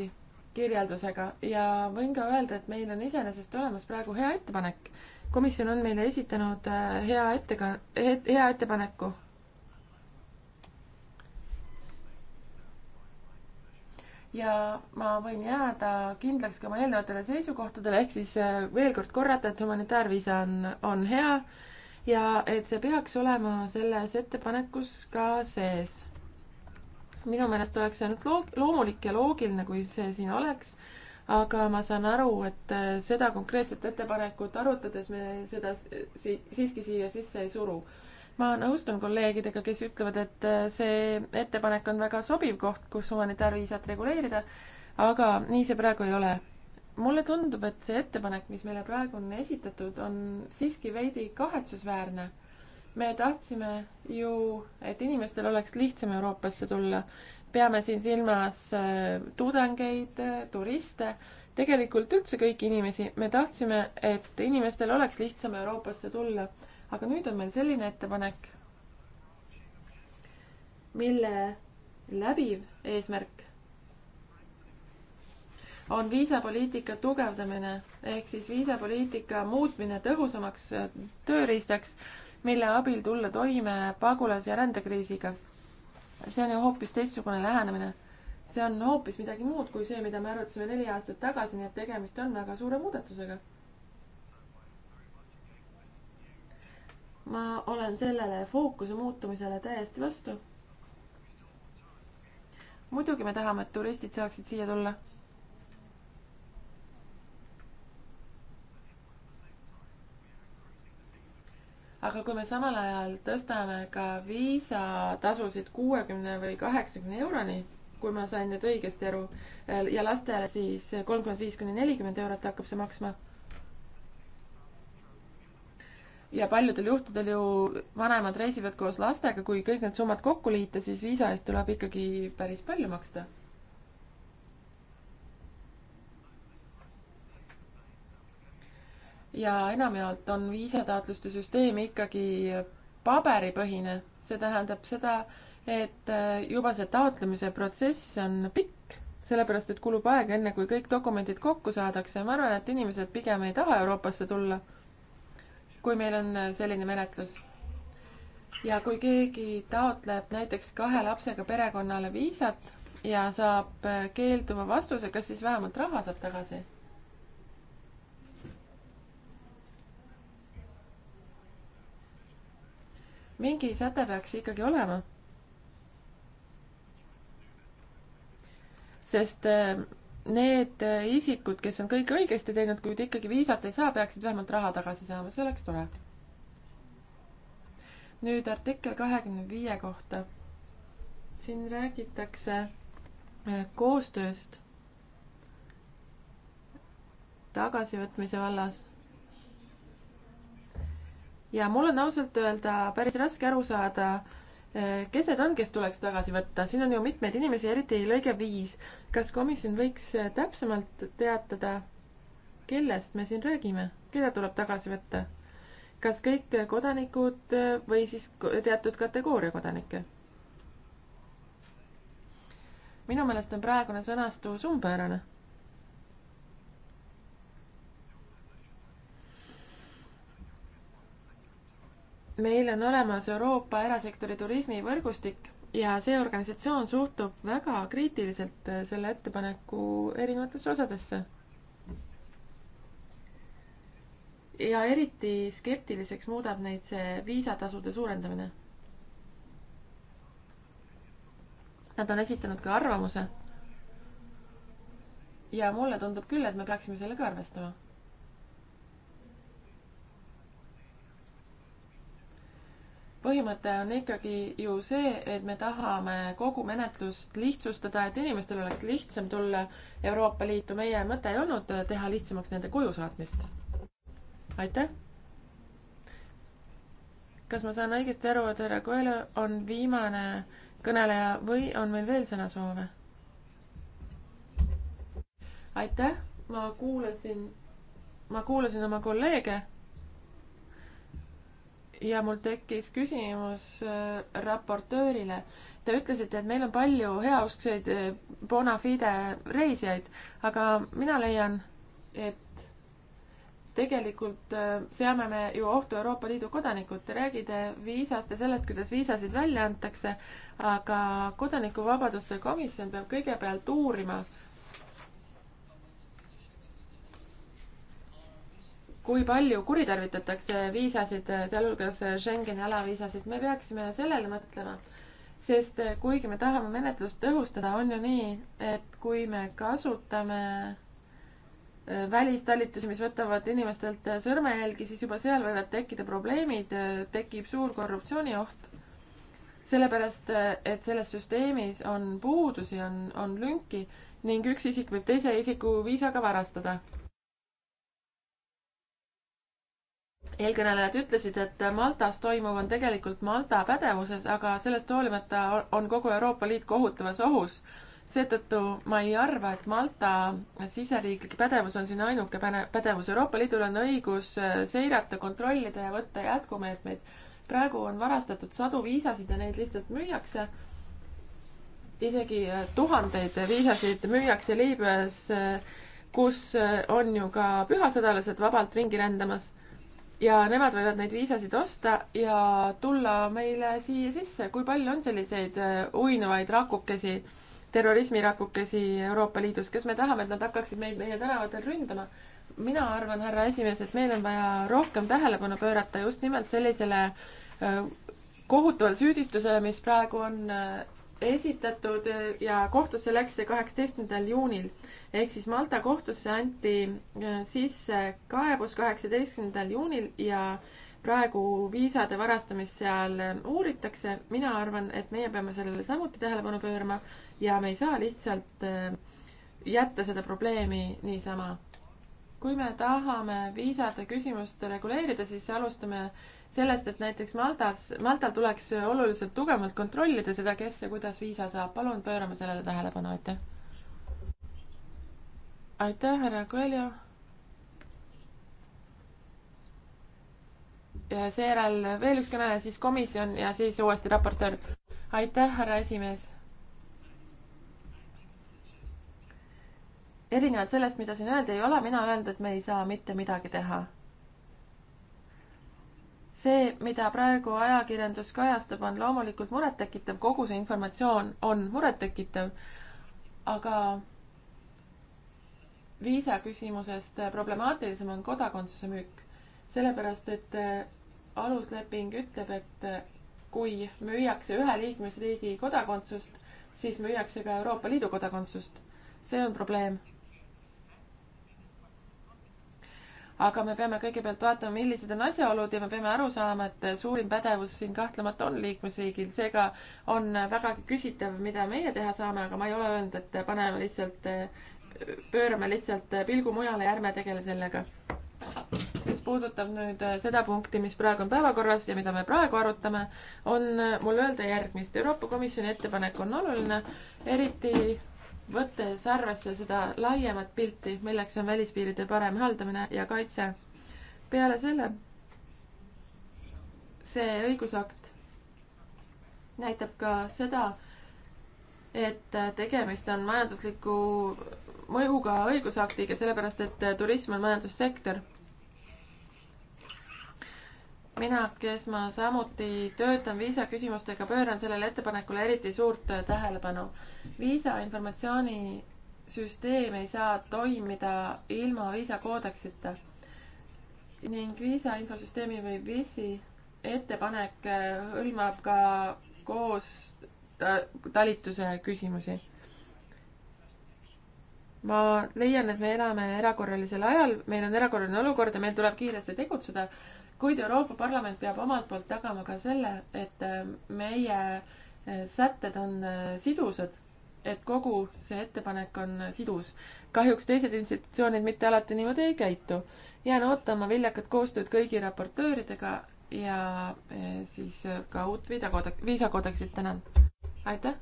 kirjeldusega ja võin ka öelda, et meil on iseenesest olemas praegu hea ettepanek. komisjon on meile esitanud äh, hea etteka-, hea ettepaneku ja ma võin jääda kindlaks ka oma eelnevatele seisukohtadele, ehk siis äh, veel kord korrata, et humanitaarviisa on, on hea ja et see peaks olema selles ettepanekus ka sees. minu meelest oleks see ainult loog-, loomulik ja loogiline, kui see siin oleks, aga ma saan aru, et äh, seda konkreetset ettepanekut arutades me seda si siiski siia sisse ei suru ma nõustun kolleegidega, kes ütlevad, et äh, see ettepanek on väga sobiv koht, kus humanitaarviisat reguleerida, aga nii see praegu ei ole. mulle tundub, et see ettepanek, mis meile praegu on esitatud, on siiski veidi kahetsusväärne. me tahtsime ju, et inimestel oleks lihtsam Euroopasse tulla. peame siin silmas äh, tudengeid, äh, turiste, tegelikult üldse kõiki inimesi. me tahtsime, et inimestel oleks lihtsam Euroopasse tulla aga nüüd on meil selline ettepanek, mille läbiv eesmärk on viisapoliitika tugevdamine ehk siis viisapoliitika muutmine tõhusamaks tööriistaks, mille abil tulla toime pagulas- ja rändekriisiga. see on ju hoopis teistsugune lähenemine. see on hoopis midagi muud kui see, mida me arutasime neli aastat tagasi, nii et tegemist on väga suure muudatusega ma olen sellele fookuse muutumisele täiesti vastu. muidugi me tahame, et turistid saaksid siia tulla. aga kui me samal ajal tõstame ka viisatasusid kuuekümne või kaheksakümne euroni, kui ma sain nüüd õigesti aru, ja lastele siis kolmkümmend viis kuni nelikümmend eurot hakkab see maksma ja paljudel juhtudel ju vanemad reisivad koos lastega, kui kõik need summad kokku liita, siis viisa eest tuleb ikkagi päris palju maksta. ja enamjaolt on viisataotluste süsteem ikkagi paberipõhine, see tähendab seda, et äh, juba see taotlemise protsess on pikk, sellepärast et kulub aega, enne kui kõik dokumendid kokku saadakse ja ma arvan, et inimesed pigem ei taha Euroopasse tulla kui meil on äh, selline menetlus. ja kui keegi taotleb näiteks kahe lapsega perekonnale viisat ja saab äh, keelduva vastuse, kas siis vähemalt raha saab tagasi? mingi säte peaks ikkagi olema. sest äh, need äh, isikud, kes on kõike õigesti teinud, kuid ikkagi viisat ei saa, peaksid vähemalt raha tagasi saama, see oleks tore. nüüd artikkel kahekümne viie kohta. siin räägitakse äh, koostööst tagasivõtmise vallas. ja mul on ausalt öelda päris raske aru saada äh, kes need on, kes tuleks tagasi võtta, siin on ju mitmeid inimesi, eriti lõige viis. kas komisjon võiks täpsemalt teatada, kellest me siin räägime, keda tuleb tagasi võtta? kas kõik kodanikud või siis teatud kategooria kodanikke? minu meelest on praegune sõnastus umbmäärane meil on olemas Euroopa erasektori turismivõrgustik ja see organisatsioon suhtub väga kriitiliselt äh, selle ettepaneku erinevatesse osadesse. ja eriti skeptiliseks muudab neid see viisatasude suurendamine. Nad on esitanud ka arvamuse. ja mulle tundub küll, et me peaksime sellega arvestama põhimõte on ikkagi ju see, et me tahame kogu menetlust lihtsustada, et inimestel oleks lihtsam tulla Euroopa Liitu. meie mõte ei olnud teha lihtsamaks nende koju saatmist. aitäh! kas ma saan õigesti aru, et härra Koelu on viimane kõneleja või on meil veel sõnasoove? aitäh, ma kuulasin, ma kuulasin oma kolleege ja mul tekkis küsimus äh, raportöörile. Te ütlesite, et meil on palju heauskseid äh, bona fide reisijaid, aga mina leian, et tegelikult äh, seame me ju ohtu Euroopa Liidu kodanikud. Te räägite viisast ja sellest, kuidas viisasid välja antakse, aga kodanikuvabaduste komisjon peab kõigepealt uurima, kui palju kuritarvitatakse viisasid, sealhulgas Schengeni ala viisasid, me peaksime sellele mõtlema. sest kuigi me tahame menetlust tõhustada, on ju nii, et kui me kasutame äh, välistalitusi, mis võtavad inimestelt äh, sõrmejälgi, siis juba seal võivad tekkida probleemid, äh, tekib suur korruptsioonioht. sellepärast, et selles süsteemis on puudusi, on, on lünki ning üks isik võib teise isiku viisaga varastada eelkõnelejad ütlesid, et Maltas toimuv on tegelikult Malta pädevuses, aga sellest hoolimata on kogu Euroopa Liit kohutavas ohus. seetõttu ma ei arva, et Malta siseriiklik pädevus on siin ainuke pädevus. Euroopa Liidul on õigus seirata, kontrollida ja võtta jätkumeetmeid. praegu on varastatud sadu viisasid ja neid lihtsalt müüakse. isegi äh, tuhandeid viisasid müüakse Liibüas, äh, kus äh, on ju ka pühasõdalased vabalt ringi rändamas ja nemad võivad neid viisasid osta ja tulla meile siia sisse. kui palju on selliseid äh, uinuvaid rakukesi, terrorismirakukesi Euroopa Liidus, kes me tahame, et nad hakkaksid meid meie tänavatel ründama? mina arvan, härra esimees, et meil on vaja rohkem tähelepanu pöörata just nimelt sellisele äh, kohutavale süüdistusele, mis praegu on äh, esitatud ja kohtusse läks see kaheksateistkümnendal juunil. ehk siis Malta kohtusse anti äh, sisse kaebus kaheksateistkümnendal juunil ja praegu viisade varastamist seal äh, uuritakse. mina arvan, et meie peame sellele samuti tähelepanu pöörama ja me ei saa lihtsalt äh, jätta seda probleemi niisama. kui me tahame viisade küsimust reguleerida, siis alustame äh, sellest, et näiteks Maltas, Maltal tuleks oluliselt tugevamalt kontrollida seda, kes ja kuidas viisa saab. palun pöörame sellele tähelepanu, aitäh. aitäh, härra Coelho. ja seejärel veel üks kõneleja, siis komisjon ja siis uuesti raportöör. aitäh, härra esimees. erinevalt sellest, mida siin öeldi, ei ole mina öelnud, et me ei saa mitte midagi teha see, mida praegu ajakirjandus kajastab, on loomulikult murettekitav, kogu see informatsioon on murettekitav, aga viisa küsimusest problemaatilisem on kodakondsuse müük, sellepärast et äh, alusleping ütleb, et äh, kui müüakse ühe liikmesriigi kodakondsust, siis müüakse ka Euroopa Liidu kodakondsust. see on probleem aga me peame kõigepealt vaatama, millised on asjaolud ja me peame aru saama, et suurim pädevus siin kahtlemata on liikmesriigil, seega on vägagi küsitav, mida meie teha saame, aga ma ei ole öelnud, et paneme lihtsalt, pöörame lihtsalt pilgu mujale ja ärme tegele sellega. mis puudutab nüüd seda punkti, mis praegu on päevakorras ja mida me praegu arutame, on mul öelda järgmist. Euroopa Komisjoni ettepanek on oluline, eriti võttes arvesse seda laiemat pilti, milleks on välispiiride parem haldamine ja kaitse. peale selle see õigusakt näitab ka seda, et tegemist on majandusliku mõjuga õigusaktiga, sellepärast et turism on majandussektor mina, kes ma samuti töötan viisaküsimustega, pööran sellele ettepanekule eriti suurt tähelepanu. viisa informatsioonisüsteem ei saa toimida ilma viisakoodeksita ning viisa infosüsteemi või VIS-i ettepanek äh, hõlmab ka koos ta talituse küsimusi. ma leian, et me elame erakorralisel ajal, meil on erakorraline olukord ja meil tuleb kiiresti tegutseda kuid Euroopa Parlament peab omalt poolt tagama ka selle, et äh, meie äh, sätted on äh, sidusad, et kogu see ettepanek on sidus. kahjuks teised institutsioonid mitte alati niimoodi ei käitu. jään ootama viljakat koostööd kõigi raportööridega ja siis ka uut viisakoodeksit, tänan. aitäh!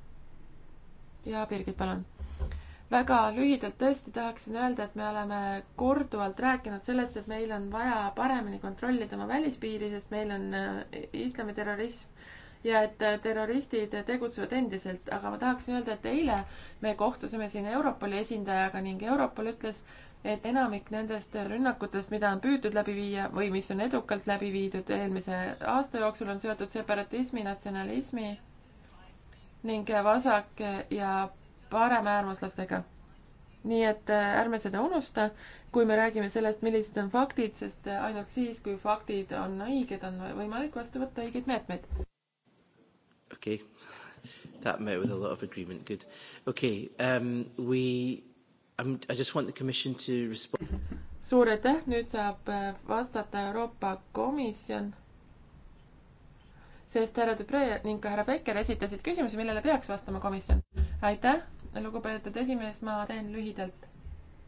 ja Birgit, palun väga lühidalt tõesti tahaksin öelda, et me oleme korduvalt rääkinud sellest, et meil on vaja paremini kontrollida oma välispiiri, sest meil on äh, islamiterrorism ja et äh, terroristid tegutsevad endiselt, aga ma tahaksin öelda, et eile me kohtusime siin Europoli esindajaga ning Europol ütles, et enamik nendest rünnakutest, mida on püütud läbi viia või mis on edukalt läbi viidud eelmise aasta jooksul, on seotud separatismi, natsionalismi ning vasak- ja paremäärmuslastega. nii et äh, ärme seda unusta, kui me räägime sellest, millised on faktid, sest äh, ainult siis, kui faktid on õiged, on võimalik vastu võtta õigeid meetmeid. okei okay., that met with a lot of agreement, good. okei okay. um,, we um,, I just want the commission to respond. suur aitäh, nüüd saab äh, vastata Euroopa Komisjon sest härra Dupree ning ka härra Becker esitasid küsimusi, millele peaks vastama komisjon. aitäh, lugupeetud esimees, ma teen lühidalt.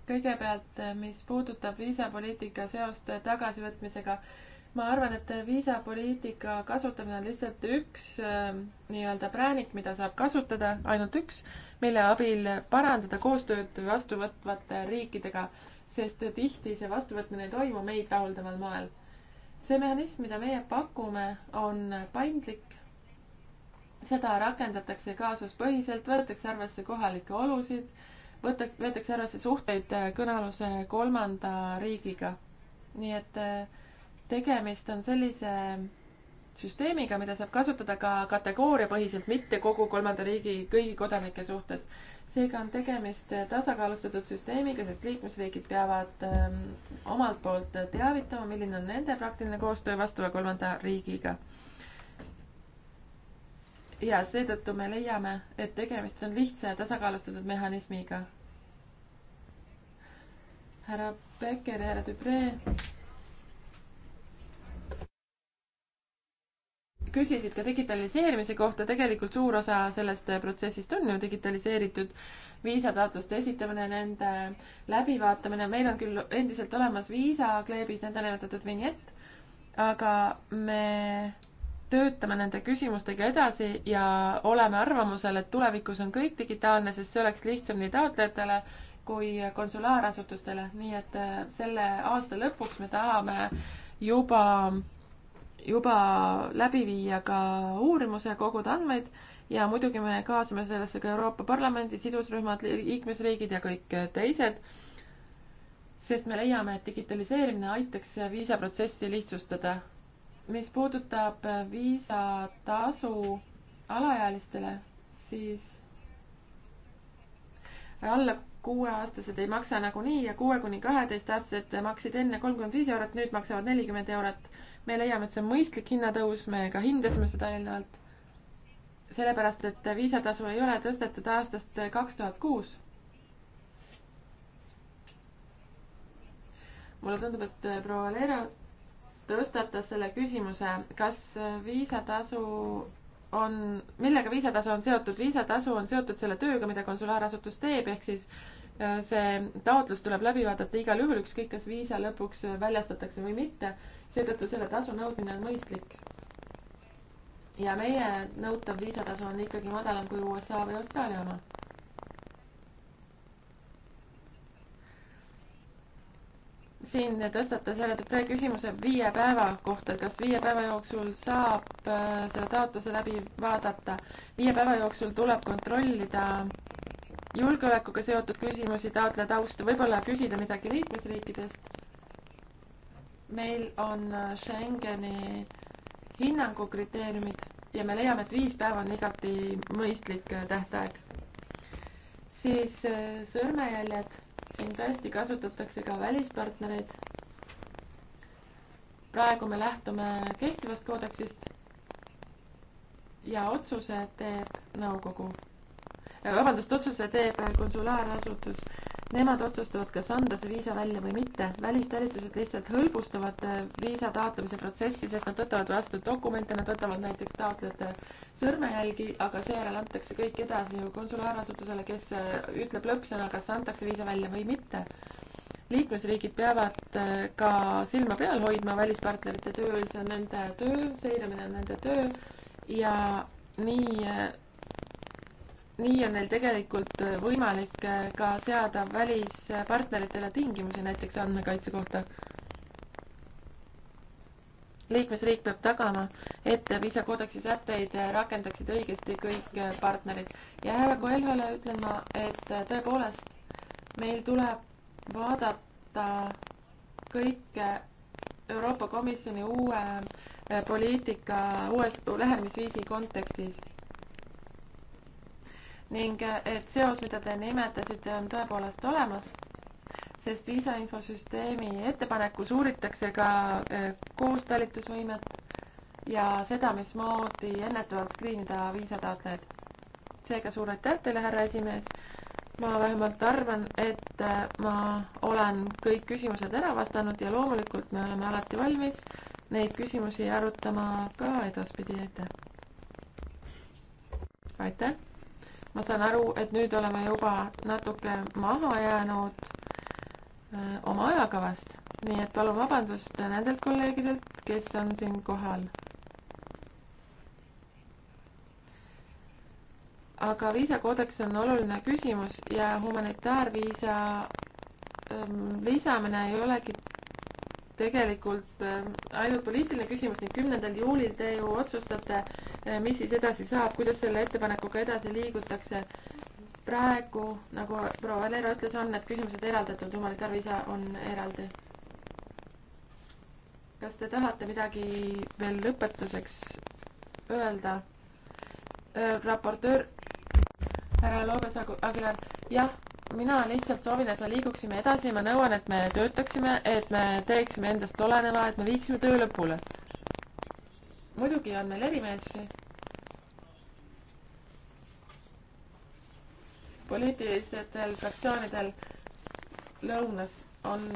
kõigepealt, mis puudutab viisapoliitika seost tagasivõtmisega, ma arvan, et viisapoliitika kasutamine on lihtsalt üks ähm, nii-öelda präänik, mida saab kasutada, ainult üks, mille abil parandada koostööd vastuvõtvate riikidega, sest tihti see vastuvõtmine ei toimu meid rahuldaval moel see mehhanism, mida meie pakume, on paindlik seda rakendatakse kaasuspõhiselt, võetakse arvesse kohalikke olusid, võtaks, võetakse arvesse suhteid äh, kõnealuse kolmanda riigiga. nii et äh, tegemist on sellise süsteemiga, mida saab kasutada ka kategooriapõhiselt, mitte kogu kolmanda riigi kõigi kodanike suhtes. seega on tegemist äh, tasakaalustatud süsteemiga, sest liikmesriigid peavad öö, ähm, omalt poolt teavitama, milline on nende praktiline koostöö vastava kolmanda riigiga ja seetõttu me leiame, et tegemist on lihtsa ja tasakaalustatud mehhanismiga. härra Becker ja härra Dupree küsisid ka digitaliseerimise kohta, tegelikult suur osa sellest protsessist on ju digitaliseeritud, viisataotluste esitamine, nende läbivaatamine, meil on küll endiselt olemas viisakleebis nõndanimetatud vinjett, aga me töötame nende küsimustega edasi ja oleme arvamusel, et tulevikus on kõik digitaalne, sest see oleks lihtsam nii taotlejatele kui konsulaarasutustele, nii et äh, selle aasta lõpuks me tahame juba, juba läbi viia ka uurimuse, koguda andmeid ja muidugi me kaasame sellesse ka Euroopa Parlamendi sidusrühmad, liikmesriigid ja kõik äh, teised, sest me leiame, et digitaliseerimine aitaks viisaprotsessi lihtsustada mis puudutab viisatasu alaealistele, siis alla kuueaastased ei maksa nagunii ja kuue kuni kaheteistaastased maksid enne kolmkümmend viis eurot, nüüd maksavad nelikümmend eurot. me leiame, et see on mõistlik hinnatõus, me ka hindasime seda eelnevalt. sellepärast, et viisatasu ei ole tõstetud aastast kaks tuhat kuus. mulle tundub, et proua Leera tõstatas selle küsimuse, kas viisatasu on, millega viisatasu on seotud, viisatasu on seotud selle tööga, mida konsulaarasutus teeb, ehk siis äh, see taotlus tuleb läbi vaadata igal juhul, ükskõik kas viisa lõpuks väljastatakse või mitte, seetõttu selle tasu nõudmine on mõistlik. ja meie nõutav viisatasu on ikkagi madalam kui USA või Austraalia oma siin tõstatas härra Dupre küsimuse viie päeva kohta, et kas viie päeva jooksul saab äh, selle taotluse läbi vaadata. viie päeva jooksul tuleb kontrollida julgeolekuga seotud küsimusi, taotleda tausta, võib-olla küsida midagi liikmesriikidest. meil on äh, Schengeni hinnangu kriteeriumid ja me leiame, et viis päeva on igati mõistlik äh, tähtaeg. siis sõrmejäljed siin tõesti kasutatakse ka välispartnereid. praegu me lähtume kehtivast koodeksist ja otsuse teeb nõukogu äh, vabandust, otsuse teeb konsulaarasutus. Nemad otsustavad, kas anda see viisa välja või mitte. välistalitused lihtsalt hõlbustavad äh, viisa taotlemise protsessi, sest nad võtavad vastu dokumente, nad võtavad näiteks taotlejate sõrmejälgi, aga seejärel antakse kõik edasi ju konsulaarasutusele, kes äh, ütleb lõppsõna, kas antakse viisa välja või mitte. liikmesriigid peavad äh, ka silma peal hoidma välispartnerite tööl, see on nende töö, seiramine on nende töö ja nii nii on neil tegelikult äh, võimalik äh, ka seada välispartneritele tingimusi näiteks andmekaitse kohta. liikmesriik peab tagama, et viisakoodeksi sätteid äh, rakendaksid õigesti kõik partnerid ja härra Coelhole ütlen ma, et tõepoolest meil tuleb vaadata kõike Euroopa Komisjoni uue poliitika, uue lähenemisviisi kontekstis ning eh, et seos, mida te nimetasite, on tõepoolest olemas, sest viisainfosüsteemi ettepanekus uuritakse ka eh, koostalitusvõimet ja seda, mismoodi ennetavalt skriinida viisataotlejaid. seega suur aitäh teile, härra esimees. ma vähemalt arvan, et eh, ma olen kõik küsimused ära vastanud ja loomulikult me oleme alati valmis neid küsimusi arutama ka edaspidi, aitäh! aitäh! ma saan aru, et nüüd oleme juba natuke maha jäänud öö, äh, oma ajakavast, nii et palun vabandust nendelt kolleegidelt, kes on siin kohal. aga viisakoodeks on oluline küsimus ja humanitaarviisa öö, ähm, lisamine ei olegi tegelikult äh, ainult poliitiline küsimus ning kümnendal juulil te ju otsustate, äh, mis siis edasi saab, kuidas selle ettepanekuga edasi liigutakse. praegu, nagu proua Valero ütles, on need küsimused eraldatud, humanitaarviisa on eraldi kas te tahate midagi veel lõpetuseks öelda? Äh, raportöör härra Loobes Aguilar, jah, mina lihtsalt soovin, et me liiguksime edasi, ma nõuan, et me töötaksime, et me teeksime endast oleneva, et me viiksime töö lõpule. muidugi on meil erimeelsusi. poliitilistel fraktsioonidel lõunas on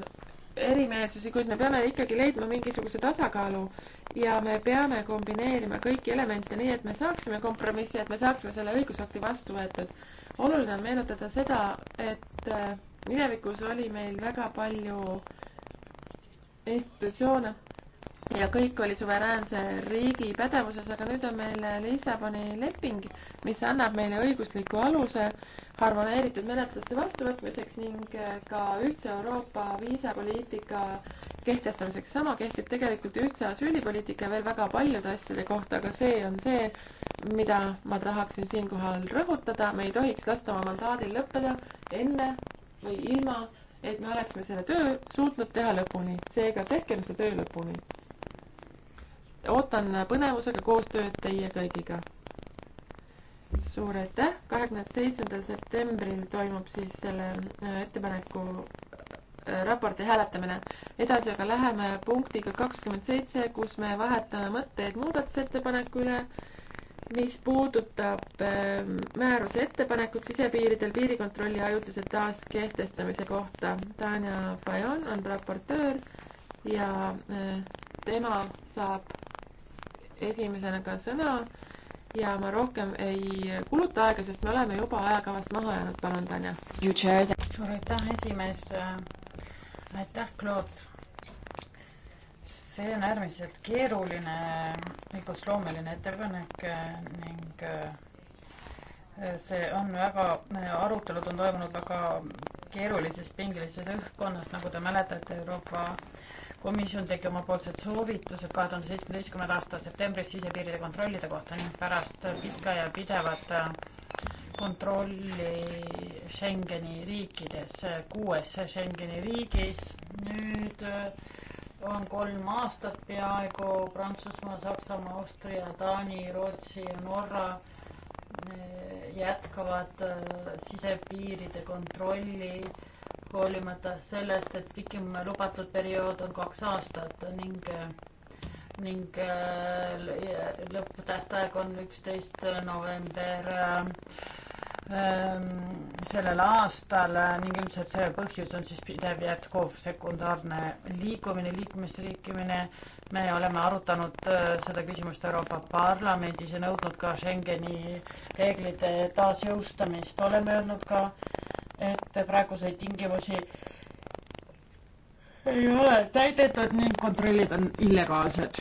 erimeelsusi, kuid me peame ikkagi leidma mingisuguse tasakaalu ja me peame kombineerima kõiki elemente nii, et me saaksime kompromissi, et me saaksime selle õigusakti vastu võetud oluline on meenutada seda, et äh, minevikus oli meil väga palju institutsioone, ja kõik oli suveräänse riigi pädevuses, aga nüüd on meil Lissaboni leping, mis annab meile õigusliku aluse harmoneeritud menetluste vastuvõtmiseks ning äh, ka ühtse Euroopa viisapoliitika kehtestamiseks. sama kehtib tegelikult ühtse asüülipoliitika ja veel väga paljude asjade kohta, aga see on see, mida ma tahaksin siinkohal rõhutada, me ei tohiks lasta oma mandaadil lõppeda enne või ilma, et me oleksime selle töö suutnud teha lõpuni. seega tehkem see töö lõpuni ootan põnevusega koostööd teie kõigiga. suur aitäh, kahekümne seitsmendal septembril toimub siis selle äh, ettepaneku äh, raporti hääletamine. edasi aga läheme punktiga kakskümmend seitse, kus me vahetame mõtteid muudatusettepaneku üle, mis puudutab ähm, määruse ettepanekut sisepiiridel piirikontrolli ajutise taaskehtestamise kohta. Tanja Fajon on raportöör ja äh, tema saab esimesena ka sõna ja ma rohkem ei kuluta aega, sest me oleme juba ajakavast maha jäänud. palun, Tanja. suur aitäh, esimees. aitäh, Claude. see on äärmiselt keeruline õigusloomeline ettepanek ning äh, see on väga, äh, arutelud on toimunud väga keerulises pingelises õhkkonnas, nagu te mäletate, Euroopa komisjon tegi omapoolsed soovitused kahe tuhande seitsmeteistkümnenda aasta septembris sisepiiride kontrollide kohta ning pärast pikka ja pidevat äh, kontrolli Schengeni riikides, kuues Schengeni riigis. nüüd äh, on kolm aastat peaaegu Prantsusmaa, Saksamaa, Austria, Taani, Rootsi ja Norra äh, jätkavad sisepiiride kontrolli hoolimata sellest, et pikim lubatud periood on kaks aastat ning ning äh, lõpptähtaeg on üksteist november ähm, sellel aastal ning ilmselt selle põhjus on siis pidev jätkuv sekundaarne liikumine, liikumisriikimine. me oleme arutanud äh, seda küsimust Euroopa Parlamendis ja nõudnud ka Schengeni reeglite taasjõustamist. oleme öelnud ka, et praeguseid tingimusi ei ole täidetud ning kontrollid on illegaalsed.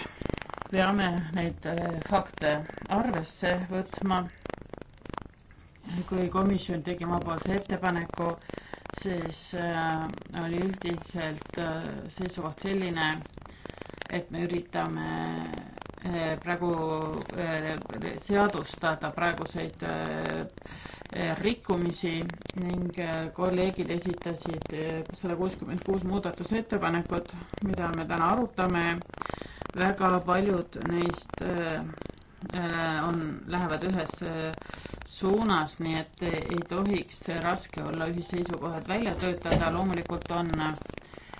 peame neid äh, fakte arvesse võtma. kui komisjon tegi omapoolse ettepaneku, siis äh, oli üldiselt äh, seisukoht selline, et me üritame Eh, praegu eh, seadustada praeguseid eh, rikkumisi ning kolleegid esitasid sada kuuskümmend kuus muudatusettepanekut, mida me täna arutame. väga paljud neist on, lähevad ühes suunas, nii et ei tohiks raske olla ühisseisukohad välja töötada, loomulikult on äh,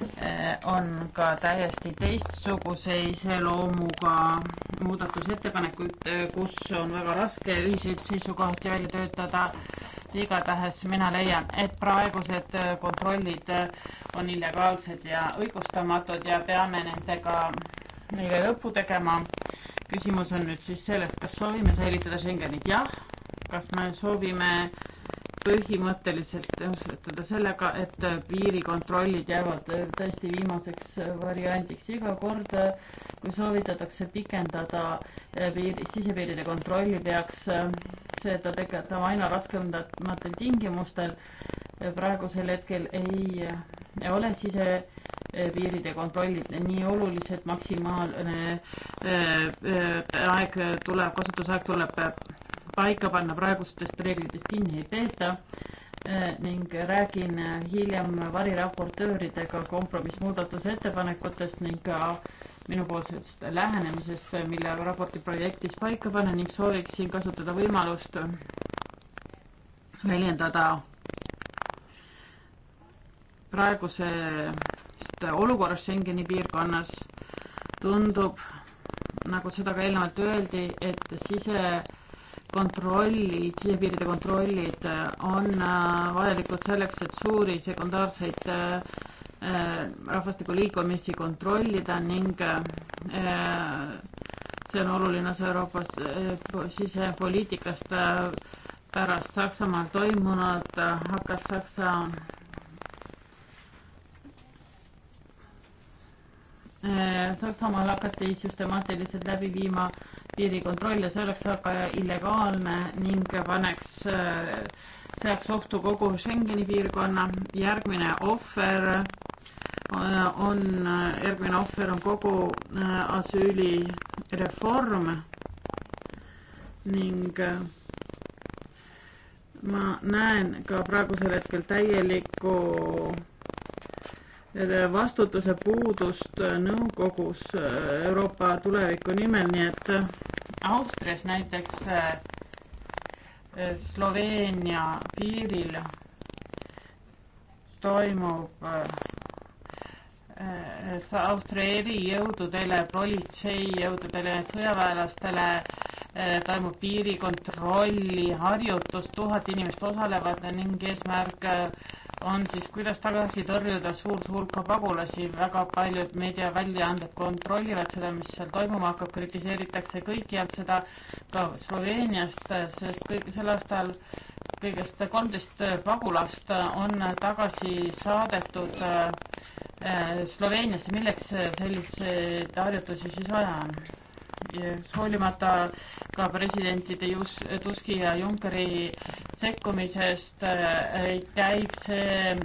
Äh, on ka täiesti teistsuguse iseloomuga muudatusettepanekuid, äh, kus on väga raske ühiseid seisukohti välja töötada. igatahes mina leian, et praegused äh, kontrollid on illegaalsed ja õigustamatud ja peame nendega, neile lõpu tegema. küsimus on nüüd siis selles, kas soovime säilitada Schengenit, jah. kas me soovime põhimõtteliselt nõustuda sellega, et piirikontrollid jäävad tõesti viimaseks variandiks. iga kord, kui soovitatakse pikendada eh, piiri, sisepiiride kontrolli, peaks eh, seda tekitama aina raskematel tingimustel. praegusel hetkel ei eh, ole sisepiiride kontrollid nii olulised, maksimaalne aeg tuleb, kasutusaeg tuleb paika panna, praegustest reeglitest kinni ei peeta äh, ning räägin hiljem variraportööridega kompromissmuudatusettepanekutest ning ka minupoolsest lähenemisest, mille raporti projektis paika panna ning sooviksin kasutada võimalust väljendada praegusest olukorrast Schengeni piirkonnas tundub, nagu seda ka eelnevalt öeldi, et sise kontrollid, sisepiiride kontrollid äh, on äh, vajalikud selleks, et suuri sekundaarseid äh, rahvastiku liikumisi kontrollida ning see on oluline osa Euroopa sisepoliitikast. pärast Saksamaal toimunud hakkas Saksa Äh, Saksamaal hakati süstemaatiliselt läbi viima piirikontrolle, see oleks aga illegaalne ning paneks, äh, seaks ohtu kogu Schengeni piirkonna. järgmine ohver äh, on, järgmine ohver on kogu asüülireform ning ma näen ka praegusel hetkel täielikku vastutuse puudust äh, nõukogus äh, Euroopa tuleviku nimel, nii et äh, Austrias näiteks Sloveenia piiril toimub Austria erijõududele, politseijõududele ja sõjaväelastele toimub piirikontrolli harjutus, tuhat inimest osalevad ning eesmärk äh, on siis, kuidas tagasi tõrjuda suurt hulka pagulasi. väga paljud meediaväljaanded kontrollivad seda, mis seal toimuma hakkab, kritiseeritakse kõikjalt seda, ka Sloveeniast, sest kõik sel aastal kõigest kolmteist pagulast on tagasi saadetud äh, äh, Sloveeniasse, milleks selliseid harjutusi siis vaja on? hoolimata ka presidentide Jus-, Tuski ja Junckeri sekkumisest äh, käib see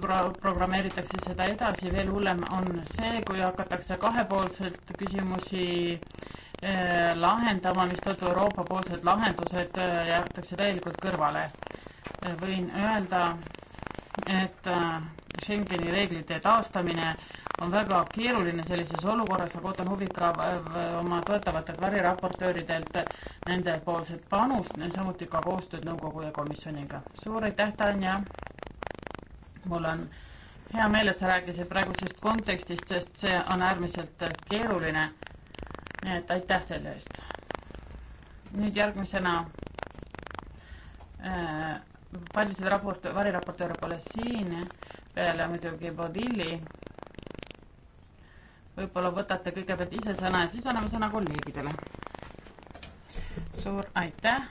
pro-, äh, programmeeritakse seda edasi, veel hullem on see, kui hakatakse kahepoolselt küsimusi eh, lahendama, mistõttu Euroopa-poolsed lahendused jäetakse täielikult kõrvale. võin öelda, et Schengeni reeglite taastamine on väga keeruline sellises olukorras, aga nagu ootan huviga äh, oma toetavatelt variraportööridelt nendepoolset panust, samuti ka koostööd nõukogu ja komisjoniga. suur aitäh, Tanja! mul on hea meel, et sa rääkisid praegusest kontekstist, sest see on äärmiselt keeruline. nii et aitäh selle eest. nüüd järgmisena äh, paljusid raport, variraportööre pole siin, peale muidugi Bodilli. võib-olla võtate kõigepealt ise sõna ja siis anname sõna kolleegidele. suur aitäh.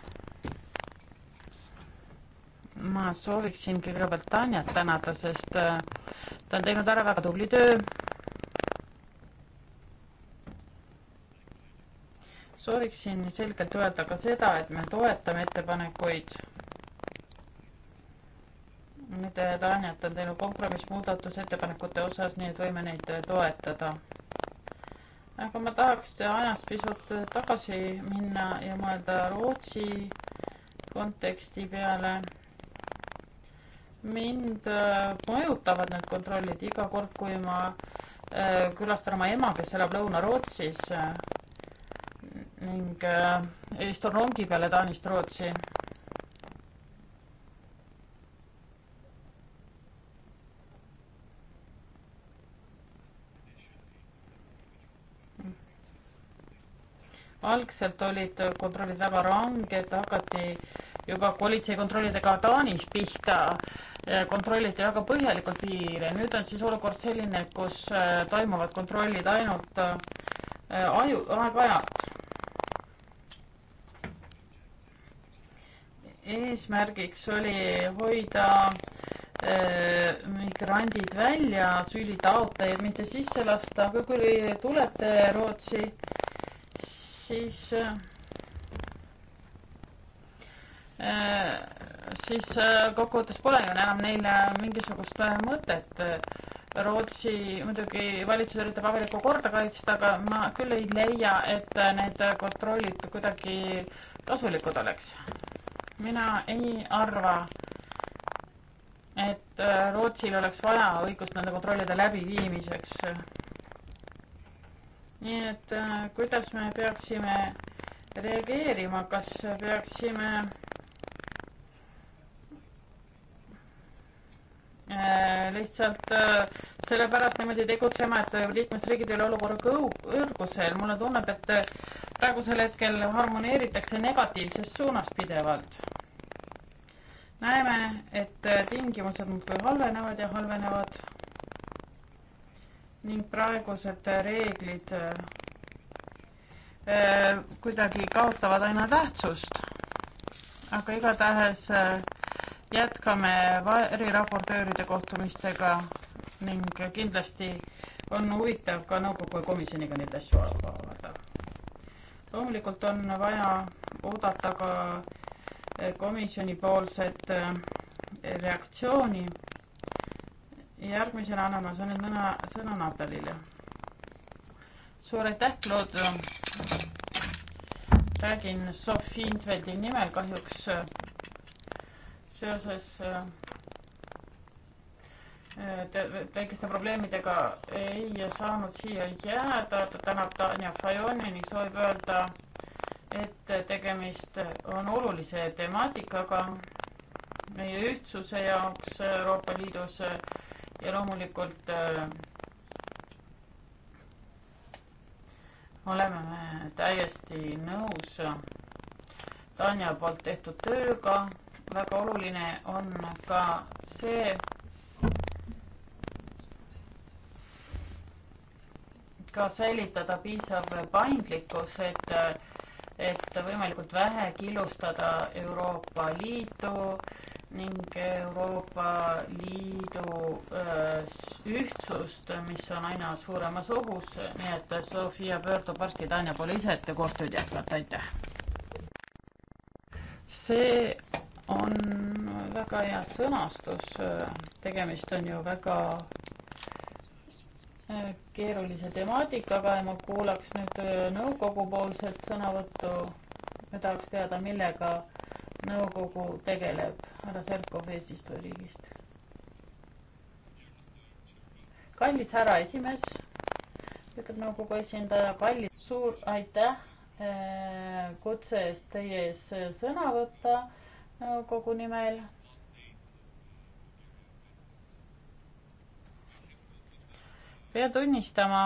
ma sooviksin kõigepealt Tanjat tänada, sest äh, ta on teinud ära väga tubli töö. sooviksin selgelt öelda ka seda, et me toetame ettepanekuid nüüd Taaniat on teinud kompromissmuudatusettepanekute osas, nii et võime neid toetada. aga ma tahaks ajas pisut tagasi minna ja mõelda Rootsi konteksti peale. mind äh, mõjutavad need kontrollid iga kord, kui ma äh, külastan oma ema, kes elab Lõuna-Rootsis äh, ning istun rongi peale Taanist Rootsi algselt olid kontrollid väga ranged, hakati juba politseikontrollidega Taanis pihta, kontrolliti väga põhjalikult piire, nüüd on siis olukord selline, kus äh, toimuvad kontrollid ainult äh, aju, aeg-ajalt. eesmärgiks oli hoida äh, migrandid välja, süülitaotajaid mitte sisse lasta, aga kui tulete Rootsi, siis äh, äh, siis äh, kokkuvõttes pole ju enam neil mingisugust mõtet. Rootsi muidugi valitsus üritab avalikku korda kaitsta, aga ma küll ei leia, et need kontrollid kuidagi kasulikud oleks. mina ei arva, et Rootsil oleks vaja õigust nende kontrollide läbiviimiseks nii et äh, kuidas me peaksime reageerima, kas peaksime äh, lihtsalt äh, sellepärast niimoodi tegutsema, et liikmesriigid ei ole olukorraga õrgusel. mulle tunneb, et praegusel hetkel harmoneeritakse negatiivses suunas pidevalt. näeme, et tingimused muudkui halvenevad ja halvenevad ning praegused reeglid eh, kuidagi kaotavad aina tähtsust. aga igatahes eh, jätkame eriraportööride kohtumistega ning kindlasti on huvitav ka nõukogu komisjoniga neid asju avada. loomulikult on vaja oodata ka eh, komisjonipoolset reaktsiooni järgmisena annan ma sõna, sõna, sõna Natalile. suur aitäh, Claude. räägin Sofi Intveldi nimel kahjuks äh, seoses äh, väikeste probleemidega ei saanud siia jääda, ta tänab Tanja Fajoni ning soovib öelda, et tegemist on olulise temaatikaga meie ühtsuse jaoks Euroopa Liidus ja loomulikult äh, oleme me täiesti nõus Tanja poolt tehtud tööga. väga oluline on ka see, ka säilitada piisav paindlikkus, et, et võimalikult vähe killustada Euroopa Liitu ning Euroopa Liidu äh, ühtsust, mis on aina suuremas ohus, nii et Sofia pöördub varsti Tanja poole ise, et te koostööd jätkata, aitäh! see on väga hea sõnastus, tegemist on ju väga äh, keerulise temaatikaga ja ma kuulaks nüüd äh, nõukogu poolset sõnavõttu. ma tahaks teada, millega nõukogu tegeleb härra Serkov eesistujariigist. kallis härra esimees, ütleb nõukogu esindaja, kallis, suur aitäh eh, kutse eest teie ees sõna võtta nõukogu nimel. pean tunnistama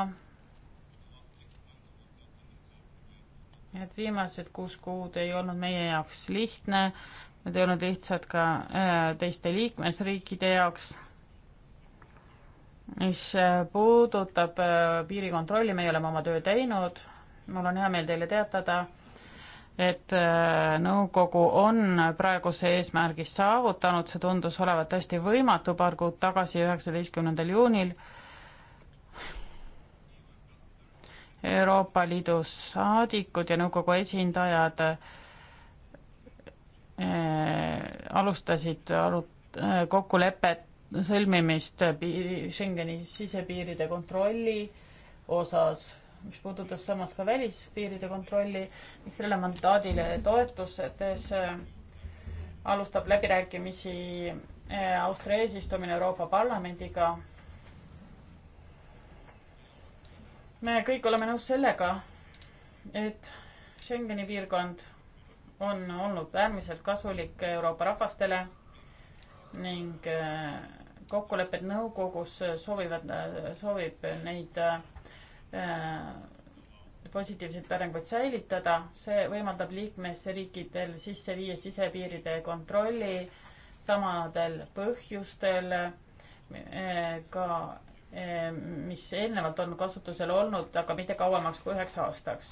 et viimased kuus kuud ei olnud meie jaoks lihtne, need ei olnud lihtsad ka äh, teiste liikmesriikide jaoks. mis äh, puudutab äh, piirikontrolli, meie oleme oma töö teinud, mul on hea meel teile teatada, et nõukogu on praeguse eesmärgi saavutanud, see tundus olevat täiesti võimatu paar kuud tagasi, üheksateistkümnendal juunil Euroopa Liidu saadikud ja nõukogu esindajad eh, alustasid arut-, eh, kokkulepet sõlmimist piiri, Schengeni sisepiiride kontrolli osas, mis puudutas samas ka välispiiride kontrolli, ning sellele mandaadile toetusetes eh, alustab läbirääkimisi Austria eesistumine Euroopa Parlamendiga me kõik oleme nõus sellega, et Schengeni piirkond on olnud äärmiselt kasulik Euroopa rahvastele ning äh, kokkulepped nõukogus soovivad, äh, soovib neid äh, positiivseid arenguid säilitada, see võimaldab liikmesriikidel sisse viia sisepiiride kontrolli samadel põhjustel ka Ehm, mis eelnevalt on kasutusel olnud, aga mitte kauemaks kui üheks aastaks.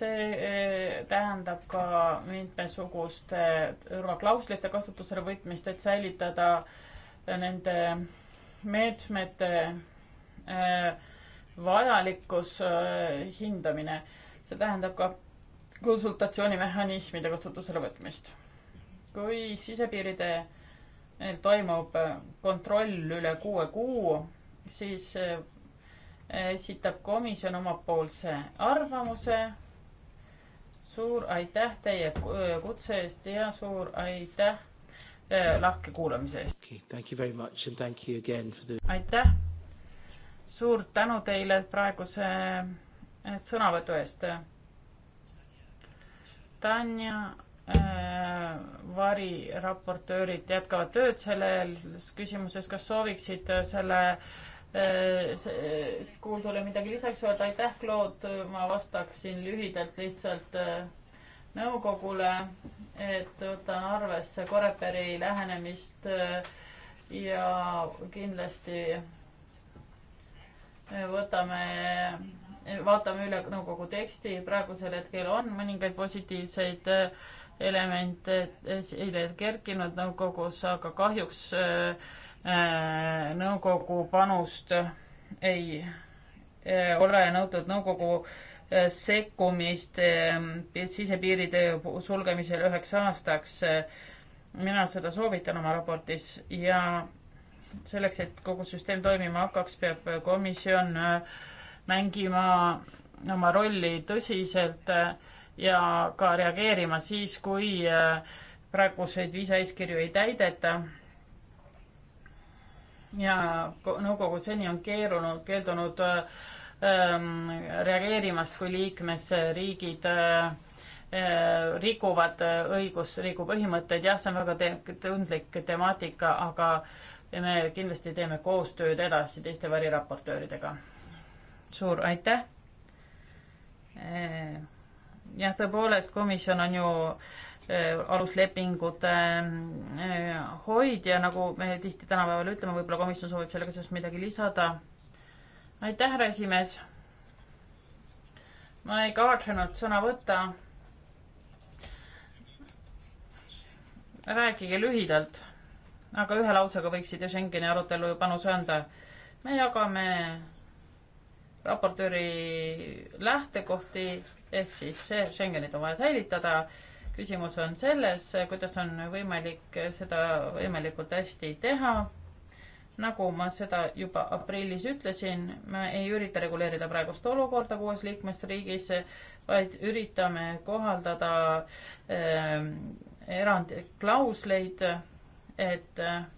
see eh, tähendab ka mitmesuguste turvaklauslite kasutusele võtmist, et säilitada nende meetmete eh, vajalikkus eh, hindamine. see tähendab ka konsultatsioonimehhanismide kasutusele võtmist. kui sisepiiride toimub kontroll üle kuue kuu, kuu siis äh, esitab komisjon omapoolse arvamuse. suur aitäh teie äh, kutse eest ja suur aitäh äh, lahke kuulamise eest okay,. The... aitäh, suur tänu teile praeguse sõnavõtu eest. Tanja äh, variraportöörid jätkavad tööd selles küsimuses, kas sooviksid selle äh, Äh, äh, kuulda oli midagi lisaks öelda, aitäh, Claude, ma vastaksin lühidalt lihtsalt äh, nõukogule, et võtan arvesse Coreperi lähenemist ja kindlasti võtame, vaatame üle nõukogu teksti, praegusel hetkel on mõningaid positiivseid elemente esile kerkinud nõukogus, aga kahjuks äh, Äh, nõukogu panust ei äh, ole nõutud nõukogu äh, sekkumist sisepiiride sulgemisel üheks aastaks. mina seda soovitan oma raportis ja selleks, et kogu süsteem toimima hakkaks, peab komisjon mängima oma rolli tõsiselt ja ka reageerima siis, kui praeguseid viisaeeskirju ei täideta ja nõukogud seni on keerunud, keeldunud ähm, reageerimast, kui liikmesriigid äh, äh rikuvad äh, õigusriigi põhimõtteid, jah, see on väga te tundlik temaatika, aga me kindlasti teeme koostööd edasi teiste variraportööridega. suur aitäh. Äh, jah, tõepoolest, komisjon on ju äh, Äh, aluslepingute äh, hoidja, nagu me tihti tänapäeval ütleme, võib-olla komisjon soovib sellega seoses midagi lisada. aitäh, härra esimees. ma ei kavatsenud sõna võtta. rääkige lühidalt, aga ühe lausega võiksid ju Schengeni arutelu panuse anda. me jagame raportööri lähtekohti ehk siis Schengenit on vaja säilitada küsimus on selles, kuidas on võimalik seda võimalikult hästi teha. nagu ma seda juba aprillis ütlesin, me ei ürita reguleerida praegust olukorda kuues liikmesriigis, vaid üritame kohaldada äh, erandklausleid, et äh,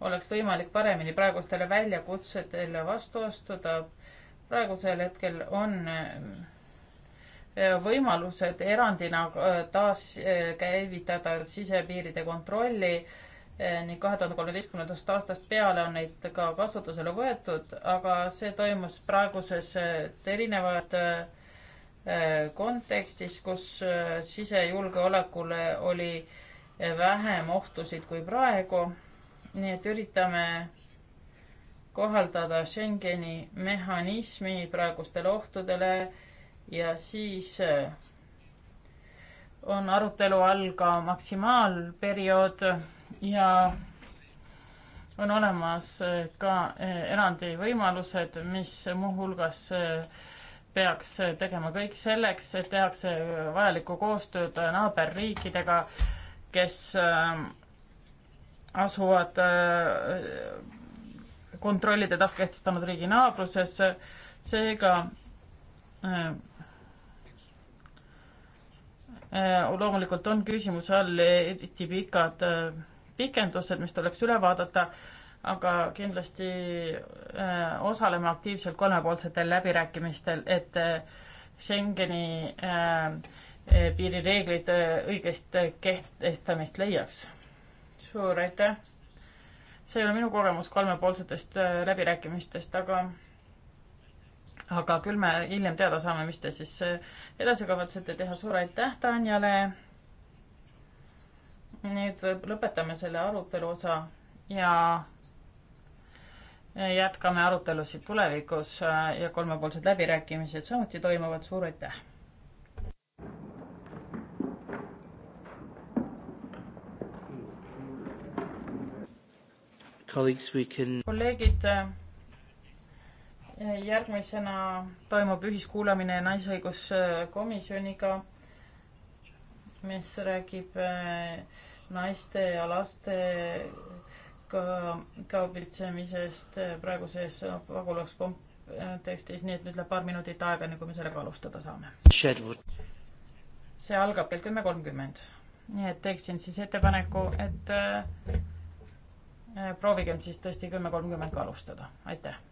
oleks võimalik paremini praegustele väljakutsetele vastu astuda. praegusel hetkel on äh, võimalused erandina äh, taaskäivitada äh, sisepiiride kontrolli äh, ning kahe tuhande kolmeteistkümnendast aastast peale on neid ka kasutusele võetud, aga see toimus praeguses erinevad kontekstis, kus sisejulgeolekule oli vähem ohtusid kui praegu. nii et üritame kohaldada Schengeni mehhanismi praegustele ohtudele ja siis eh, on arutelu all ka maksimaalperiood ja on olemas eh, ka eh, erandi võimalused, mis muuhulgas peaks tegema kõik selleks, et tehakse vajalikku koostööd naaberriikidega, kes asuvad kontrollide taas kehtestanud riigi naabruses. seega Äh, loomulikult on küsimuse all eriti pikad äh, pikendused, mis tuleks üle vaadata, aga kindlasti äh, osaleme aktiivselt kolmepoolsetel läbirääkimistel, et Schengeni piirireeglid õigest kehtestamist leiaks. suur aitäh! see ei ole minu kogemus kolmepoolsetest läbirääkimistest, aga aga küll me hiljem teada saame, mis te siis eh, edasi kavatsete teha. suur aitäh Tanjale. nüüd lõpetame selle arutelu osa ja jätkame arutelusid tulevikus eh, ja kolmepoolsed läbirääkimised samuti toimuvad. suur aitäh! kolleegid eh, järgmisena toimub ühiskuulamine Naisõiguskomisjoniga, mis räägib äh, naiste ja laste ka kaubitsemisest praeguses pagulaskontekstis, nii et nüüd läheb paar minutit aega, enne kui me sellega alustada saame. see algab kell kümme kolmkümmend. nii et teeksin siis ettepaneku, et äh, proovigem siis tõesti kümme kolmkümmend ka alustada, aitäh